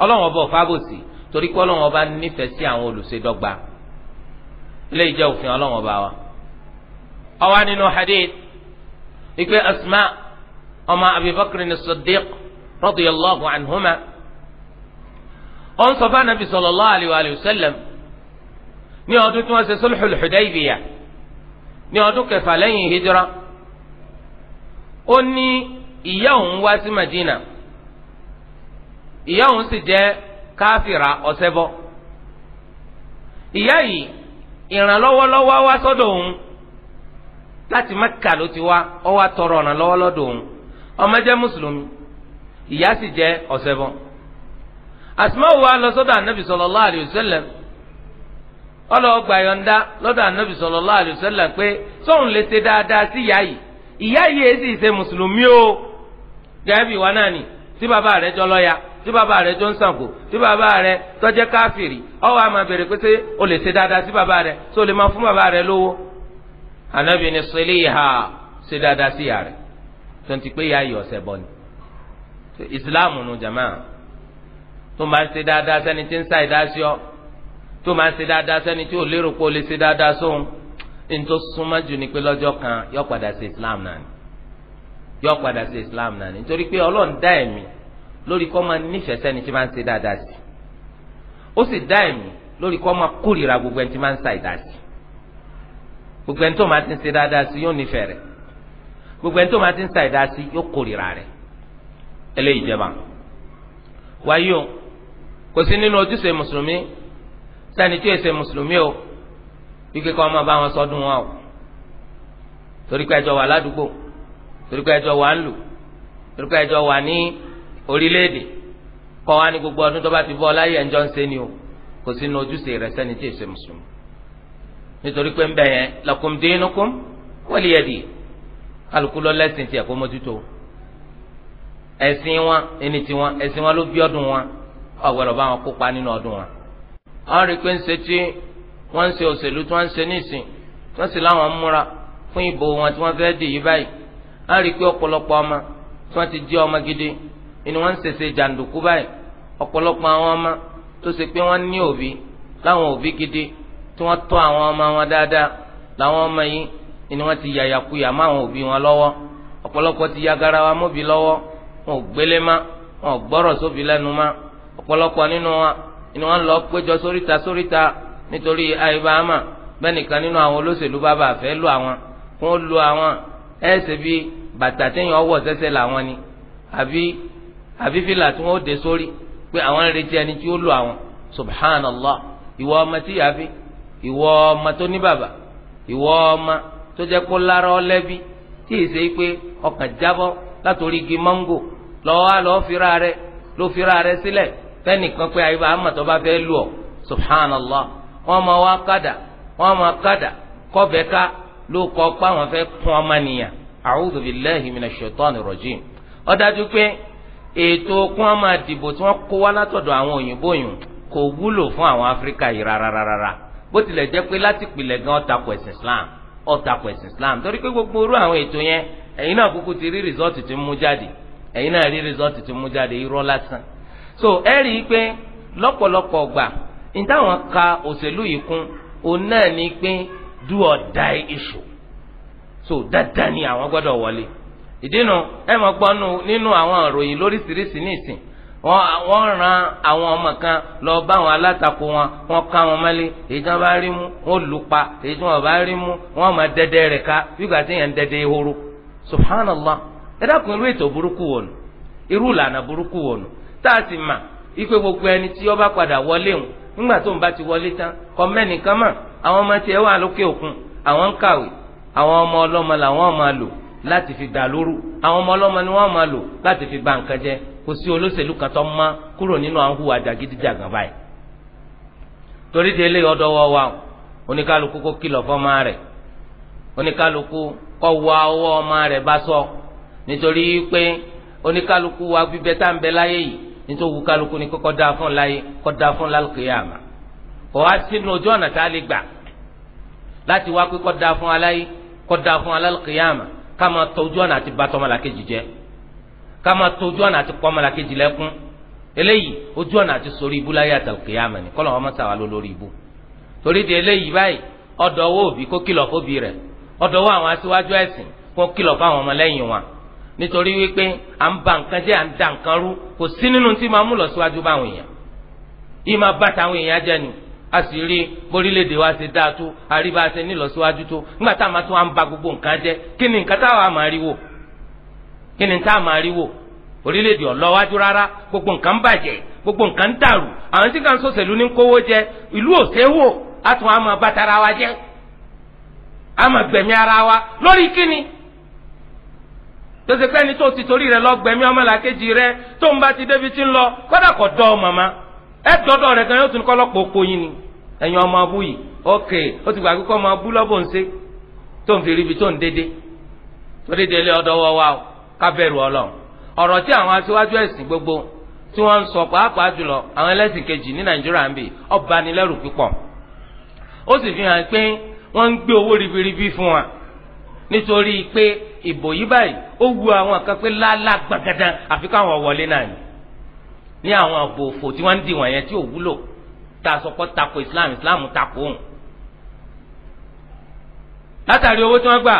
ọlọ́run ọba ọba nífẹ̀ẹ́ sí àwọn olùṣèdọ́gba ilé ọba wa nínú hadith ìpè asma ọmọ abibakar sadiq ó ń sọ fún anabi sallallahu alayhi wa sallam ní ọdún tí wọ́n ṣe sulhul Hudaybiyah ní ọdún kẹfà lẹ́yìn hijra ó ní ìyá òun wá sí Madina ìyá òun sì jẹ́ káfíra ọ̀sẹ́bọ ìyá yìí ìrànlọ́wọ́lọ́wọ́ wá sọ́dọ̀ òun láti Asma'u wa lọ sọ́dọ̀ anabi sallallahu alayhi wa sallam ọlọ́wọ́ gba yọ̀ǹda lọ́dọ̀ anabi sallallahu alayhi wa sallam pé sóun lè ṣe dáadáa sí ìyá mùsùlùmí o gẹ́bí wa náà ni tí bàbá rẹ̀ jọ lọ́ya tí bàbá jọ ń sànkó tí bàbá ọwọ́ àmà bèrè pé ṣé o lè ṣe dáadáa sí bàbá ṣé o lè máa fún bàbá lówó anabi ni siliha ṣe dáadáa sí ìyá rẹ̀ tó pé tó máa ń ṣe dáadáa sẹ́ni tí ń sa ìdásí ọ tó máa ń ṣe dáadáa sẹ́ni tí ò lérò pé ó lè ṣe dáadáa sóhun ní tó súnmọ́ jù ni pé lọ́jọ́ kan yọ padà sí Islam náà ni yọ padà sí Islam náà ni nítorí pé Ọlọ́run dá ẹ̀mí lórí kọ́ máa nífẹ̀ẹ́ sẹ́ni tí máa ń ṣe dáadáa sí ó sì dá ẹ̀mí lórí kọ́ máa kórìíra gbogbo ẹni tí máa ń sa ìdásí gbogbo ẹni tó máa ti ń ṣe dáadáa sí yóò nífẹ̀ẹ́ rẹ̀ gbogbo ẹni tó máa ti ń sa ìdásí yóò kórìíra rẹ̀ eléyìí jẹba wáyé o kò sí nínú ojúṣe mùsùlùmí sani tí èsè mùsùlùmí o wíkẹ́ kọ́ ọmọ bá wọn sọdún wọn o torí pé ẹjọ́ wà ládùúgbò torí pé ẹjọ́ wà ń lù torí pé ẹjọ́ wà ní orílẹ̀-èdè kọ́ wa ní gbogbo ọdún tó bá ti bọ́ láyé ẹ̀ńjọ́ ń ṣe ni o kò sí nínú ojúṣe rẹ̀ sani tí èsè mùsùlùmí nítorí pé ń bẹ̀ yẹn lakum dinukum waliyadi kálukú lọ lẹ́sìn tiẹ̀ kó mójútó ẹ̀sìn wọn ẹni tiwọn ẹ̀sìn wọn ló bí ọdún wọn ọ̀gbọ́dọ̀ bá wọn kópa nínú ọdún wọn. àwọn rí i pé ń ṣe tí wọ́n ń ṣe òṣèlú tí wọ́n ń ṣe nísìn wọ́n sì láwọn múra fún ìbò wọn tí wọ́n fẹ́ dì yí báyìí. a rí i pé ọ̀pọ̀lọpọ̀ ọmọ tí wọ́n ti jẹ́ ọmọ gidi ni wọ́n ń ṣèṣe jàǹdùkú báyìí ọ̀pọ̀lọpọ̀ àwọn ọmọ tó ṣe pé wọ́n ní òbí láwọn òbí gidi tí wọ́n tọ́ àwọn ọmọ wọn dáadáa làwọn ọmọ yìí ni wọ́n ti yàyàkuyà mọ́ àwọn òbí wọn lọ́wọ́ ọ̀pọ̀lọpọ̀ ti yagara mọ́bi lọ́wọ́ wọn ò gbélé má wọn ò gbọ́rọ̀ sóbi lẹ́nu má ọ̀pọ̀lọpọ̀ nínú wa ni wọ́n lọ péjọ sóríta sóríta nítorí àìbáàmà bẹ́ẹ̀ nìkan nínú àwọn olóṣèlú bàbá àfẹ́ lù àwọn fún lu àwọn ẹ̀ẹ́sì bí bàtà téèyàn wọ̀ sẹ́sẹ́ làwọn ni àbí àbí fìlà tí wọ́n dé sórí pé àwọn retí ẹni tí ó lu àwọn subhanallah ìwọ ọmọ tí yàá fi ìwọ ọmọ tó ní bàbá ìwọ ọmọ tó jẹ́ kó lára ọ lẹ́bi tí ì ṣe pé ọkàn jábọ́ látòrí igi mọ́ngò lọ́wọ́ lọ́ọ́ fira rẹ ló fira rẹ sílẹ̀ fẹ́nìkan pé àyíká amọ̀tọ́ bá fẹ́ lù ọ́ subhanallah wọ́n máa wá kádà wọ́n máa kádà kọ́bẹ̀ ká ló kọ́ pé àwọn fẹ́ kún ọmọ nìyàn a'udhu billahi minash shaitani rajim ó dájú pé ètò kún ọmọ àdìbò tí wọ́n kó wá látọ̀dọ̀ àwọn òyìnbó kò wúlò fún àwọn yìí bó tilẹ̀ jẹ́ pé láti pìlẹ̀ gan islam gbogbo orú àwọn ètò yẹn ẹ̀yin náà kúkú ti rí rìsọ́ọ̀tì mú jáde ẹ̀yin náà rí rìsọ́ọ̀tì so ẹ rí i pé lọ́pọ̀lọpọ̀ gbà ní ka òṣèlú yìí kún òun náà ni pé do or die issue so dada ni àwọn gbọ́dọ̀ wọlé ìdínà ẹ mọ̀ gbọ́ nínú àwọn ìròyìn lóríṣiríṣi nísìn wọn ran àwọn ọmọ kan lọ bá àwọn alátakò wọn wọ́n ká wọn mọ́lé èyí tí wọ́n bá rí mú wọ́n lù pa èyí tí wọ́n bá rí mú wọ́n máa dẹdẹ rẹ̀ ká wíwá tí yẹn ń dẹdẹ ehoro subhanallah ẹ dákun irú ètò burúkú wò irú ìlànà burúkú wò tá a sì mà ipe gbogbo ẹni tí ó bá padà wọlé òun nígbà tó ń bá ti wọlé tán kọ mẹ́nìkan mà àwọn ọmọ tiẹ̀ wà lókè òkun àwọn ń kàwé àwọn ọmọ ọlọ́mọ làwọn máa lò láti fi dà lóru àwọn ọmọ ọlọ́mọ ni wọ́n máa lò láti fi ba nǹkan jẹ kò sí olóṣèlú kan tó má kúrò nínú àwọn hùwà jàgídíjàgàn báyìí torí ti eléyìí ọdọ wọ wa oníkálukú kó kìlọ̀ fọ́mọ rẹ̀ oníkálukú kó wọ ọwọ́ ọmọ rẹ̀ bá sọ nítorí pé oníkálukú wa bíbẹ tá à ń bẹ láyé yìí nítorí òkú kálukú ni kọ́kọ́ dáa fún láyé kọ́ dáa fún lálùkìyàmà kọ́ wá sínú ojú ọ̀nà tá a lè gbà láti wá pé kọ́ dáa fún aláyé kọ́ dáa fún alálùkìyàmà ká máa tọ ojú ọ̀nà àti bàtọ́ ọmọlàkejì ká máa tọ ojú ọ̀nà àti kọ́ lẹ́kún eléyìí ojú ọ̀nà àti sórí ibú láyé àtàlùkìyàmà ni kọ́lọ́ wọn mọ̀ sáwà lórí ibú torí di eléyìí báyìí ọ̀dọ̀ owó òbí kó kìlọ̀ fóbi rẹ̀ ọ̀dọ̀ owó àwọn aṣíwájú ẹ̀sìn kó kìlọ̀ fáwọn ọmọlẹ́yìn wọn nítorí wípé à ń ba nǹkan jẹ́ à ń da nǹkan rú kò sí nínú tí máa mú lọ síwájú báwọn èèyàn yìí máa bá táwọn èèyàn jẹ ni a sì rí borílẹ̀-èdè wa ṣe dáa tó àríwá ṣe nílọsíwájú tó nígbà tá a máa tún à ń ba gbogbo nǹkan jẹ kí ni nǹkan táwa máa rí wò kí ni tá máa rí wò orílẹ̀-èdè ọ̀lọ́wájú rárá gbogbo nǹkan bàjẹ́ gbogbo nǹkan dàrú àwọn tí kan sọ̀sẹ̀lú ní kówó jẹ ìlú òṣèwò àtún àmọ́ bàtàrà wa jẹ́ àmọ́ gbẹ̀mí ara wa lórí kíni tó ṣe pé ẹni tó ti torí rẹ̀ lọ́gbẹ̀mí ọmọlàkejì rẹ̀ tó ń bá ti débi tí ń lọ kọ́dà kọ́ dọ́ màmá ẹ dọ́dọ̀ rẹ̀ kan yóò tún kọ́lọ́pọ̀ oko yín ni ẹ̀yin ọmọ abú yìí ok ó ti gbà kíkọ́ ọmọ abú lọ́bọ̀ ń ṣe tó ń fi ríbi tó ń dédé tó dédé lé ọ̀dọ̀ wọ́ o kábẹ́rù ọlọ́run ọ̀rọ̀ tí àwọn aṣíwájú ẹ̀sìn gbogbo tí wọ́n ń sọ pàápàá jùlọ àwọn ẹlẹ́sìn kejì ní nàìjíríà ń bì ọ̀banilẹ́rù pípọ̀ ó sì fi hàn pé wọ́n ń gbé owó ribiribi fún wa nítorí pé ìbò yìí báyìí ó wu àwọn kan pé lálá gbàgàdà àfi káwọn wọlé náà ni ní àwọn àbò òfò tí wọ́n ń di wọ̀nyẹn tí ò wúlò tá a sọ tako islam islam tako òun. látàrí owó tí wọ́n gbà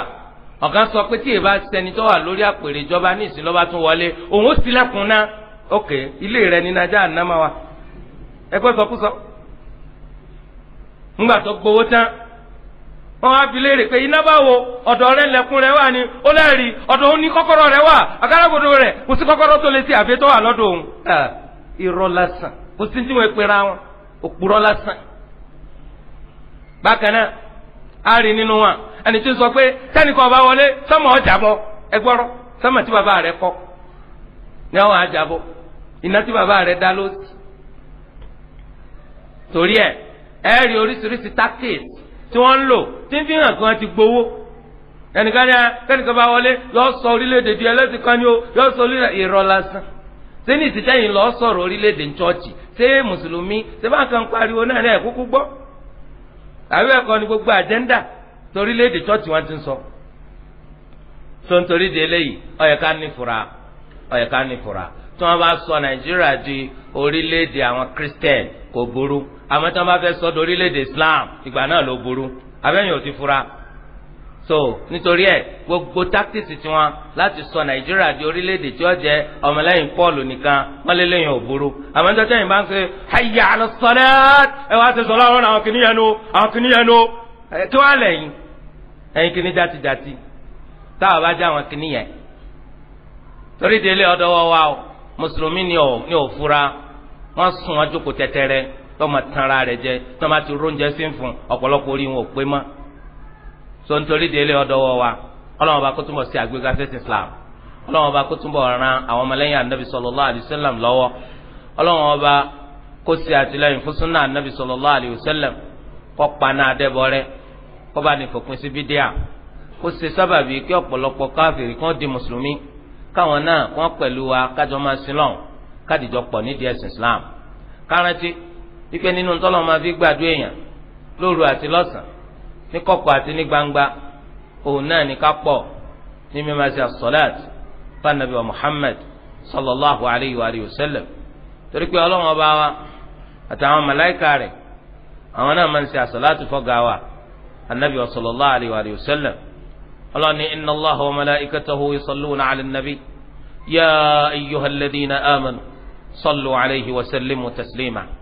ọ̀kan sọ pé tí èèbá sẹni tó wà lórí àpèrè ìjọba ní ìsìn lọ́ba tún wọlé òun ó ṣílẹ̀kùn náà ok ilé rẹ̀ ní nàjà ànámáwa ẹgbẹ́ sọkúsọ ńgbà tó gbowó tán wọn á fi léèrè pé iná báwo ọ̀dọ̀ rẹ̀ lẹ̀kùn rẹ̀ wà ní ó òun ní wà agaragodo rẹ̀ kò sí kọ́kọ́rọ́ tó lè ti àfi tó wà òun. irọ́ lásán kò sí tí wọ́n wọn òpùrọ́ lásán. bákan náà a rí nínú wọn ẹni tí ń sọ pé sẹ́nìkan wọlé sọ́mọ ẹgbọ́rọ́ sọ́mọ tí bàbá kọ́ ni iná tí bàbá tí wọ́n ń lò tí ń fi hàn kí wọ́n ti gbowó ẹnìkan ni kẹ́nìkan bá sọ orílẹ̀-èdè di ẹlẹ́sìn kan ní o yọ sọ orílẹ̀-èdè irọ́ lásán ṣé ní ìsìtẹ́yìn lọ sọ̀rọ̀ orílẹ̀-èdè ṣé mùsùlùmí ṣé bá kan tí wọ́n bá sọ nàìjíríà di orílẹ̀-èdè àwọn christian kò burú àmọ́ tí wọ́n bá fẹ́ sọ di orílẹ̀-èdè islam ìgbà náà ló burú abẹ́yìn ò ti fura so nítorí ẹ gbogbo táktíìsì tiwọn láti sọ nàìjíríà di orílẹ̀-èdè tí ó jẹ ọmọlẹ́yìn pọ́ọ̀lù nìkan wọ́n lé lẹ́yìn òbúrú àmọ́ nítorí ẹ̀yìn bá ń ṣe hayya ala salat ẹ wá ti sọ̀rọ̀ àwọn àwọn kìnìyàn nu àwọn kìnìyàn nu kí wọ́n á ẹ̀yìn kìnìyàn jàtijàti táwọn bá jẹ́ àwọn kìnìyàn torí délé ọ̀dọ́wọ́ wa o mùsùlùmí ni ò ní ò fura wọn sùn wọn jókòó tẹtẹrẹ tọmọ tanra rẹ jẹ tọmọ ti róúnjẹ sí ń fún ọ̀pọ̀lọpọ̀ orí wọn ò so nítorí délé ọdọwọ wa Ọlọ́run bá kó túnbọ̀ sí àgbéga fẹsẹ islam Ọlọ́run bá kó túnbọ̀ ran àwọn ọmọlẹ́yìn anabi sallallahu lọ́wọ́ bá sallallahu alaihi wasallam káwọn náà wọn pẹ̀lú wa kájọ máa sin lọ́n kádìjọ pọ̀ nídìí ẹ̀sìn Islam kárántí wípé nínú tọ́lọ́ máa fi gbàdúrà èèyàn lóru àti lọ́sàn ní kọ̀kọ̀ àti ní gbangba òun náà ní ká pọ̀ ní mímọ́ sí asọ́láàt fanabi wa Muhammad sallallahu alayhi wa alihi wa sallam torí pé ọlọ́wọ́n bá wa àtàwọn màláìka rẹ̀ àwọn náà máa ń ṣe asọ́láàt fọ́gà wa anabi wa sallallahu alayhi wa wa sallam. قالني إن الله وملائكته يصلون على النبي يا أيها الذين آمنوا صلوا عليه وسلموا تسليما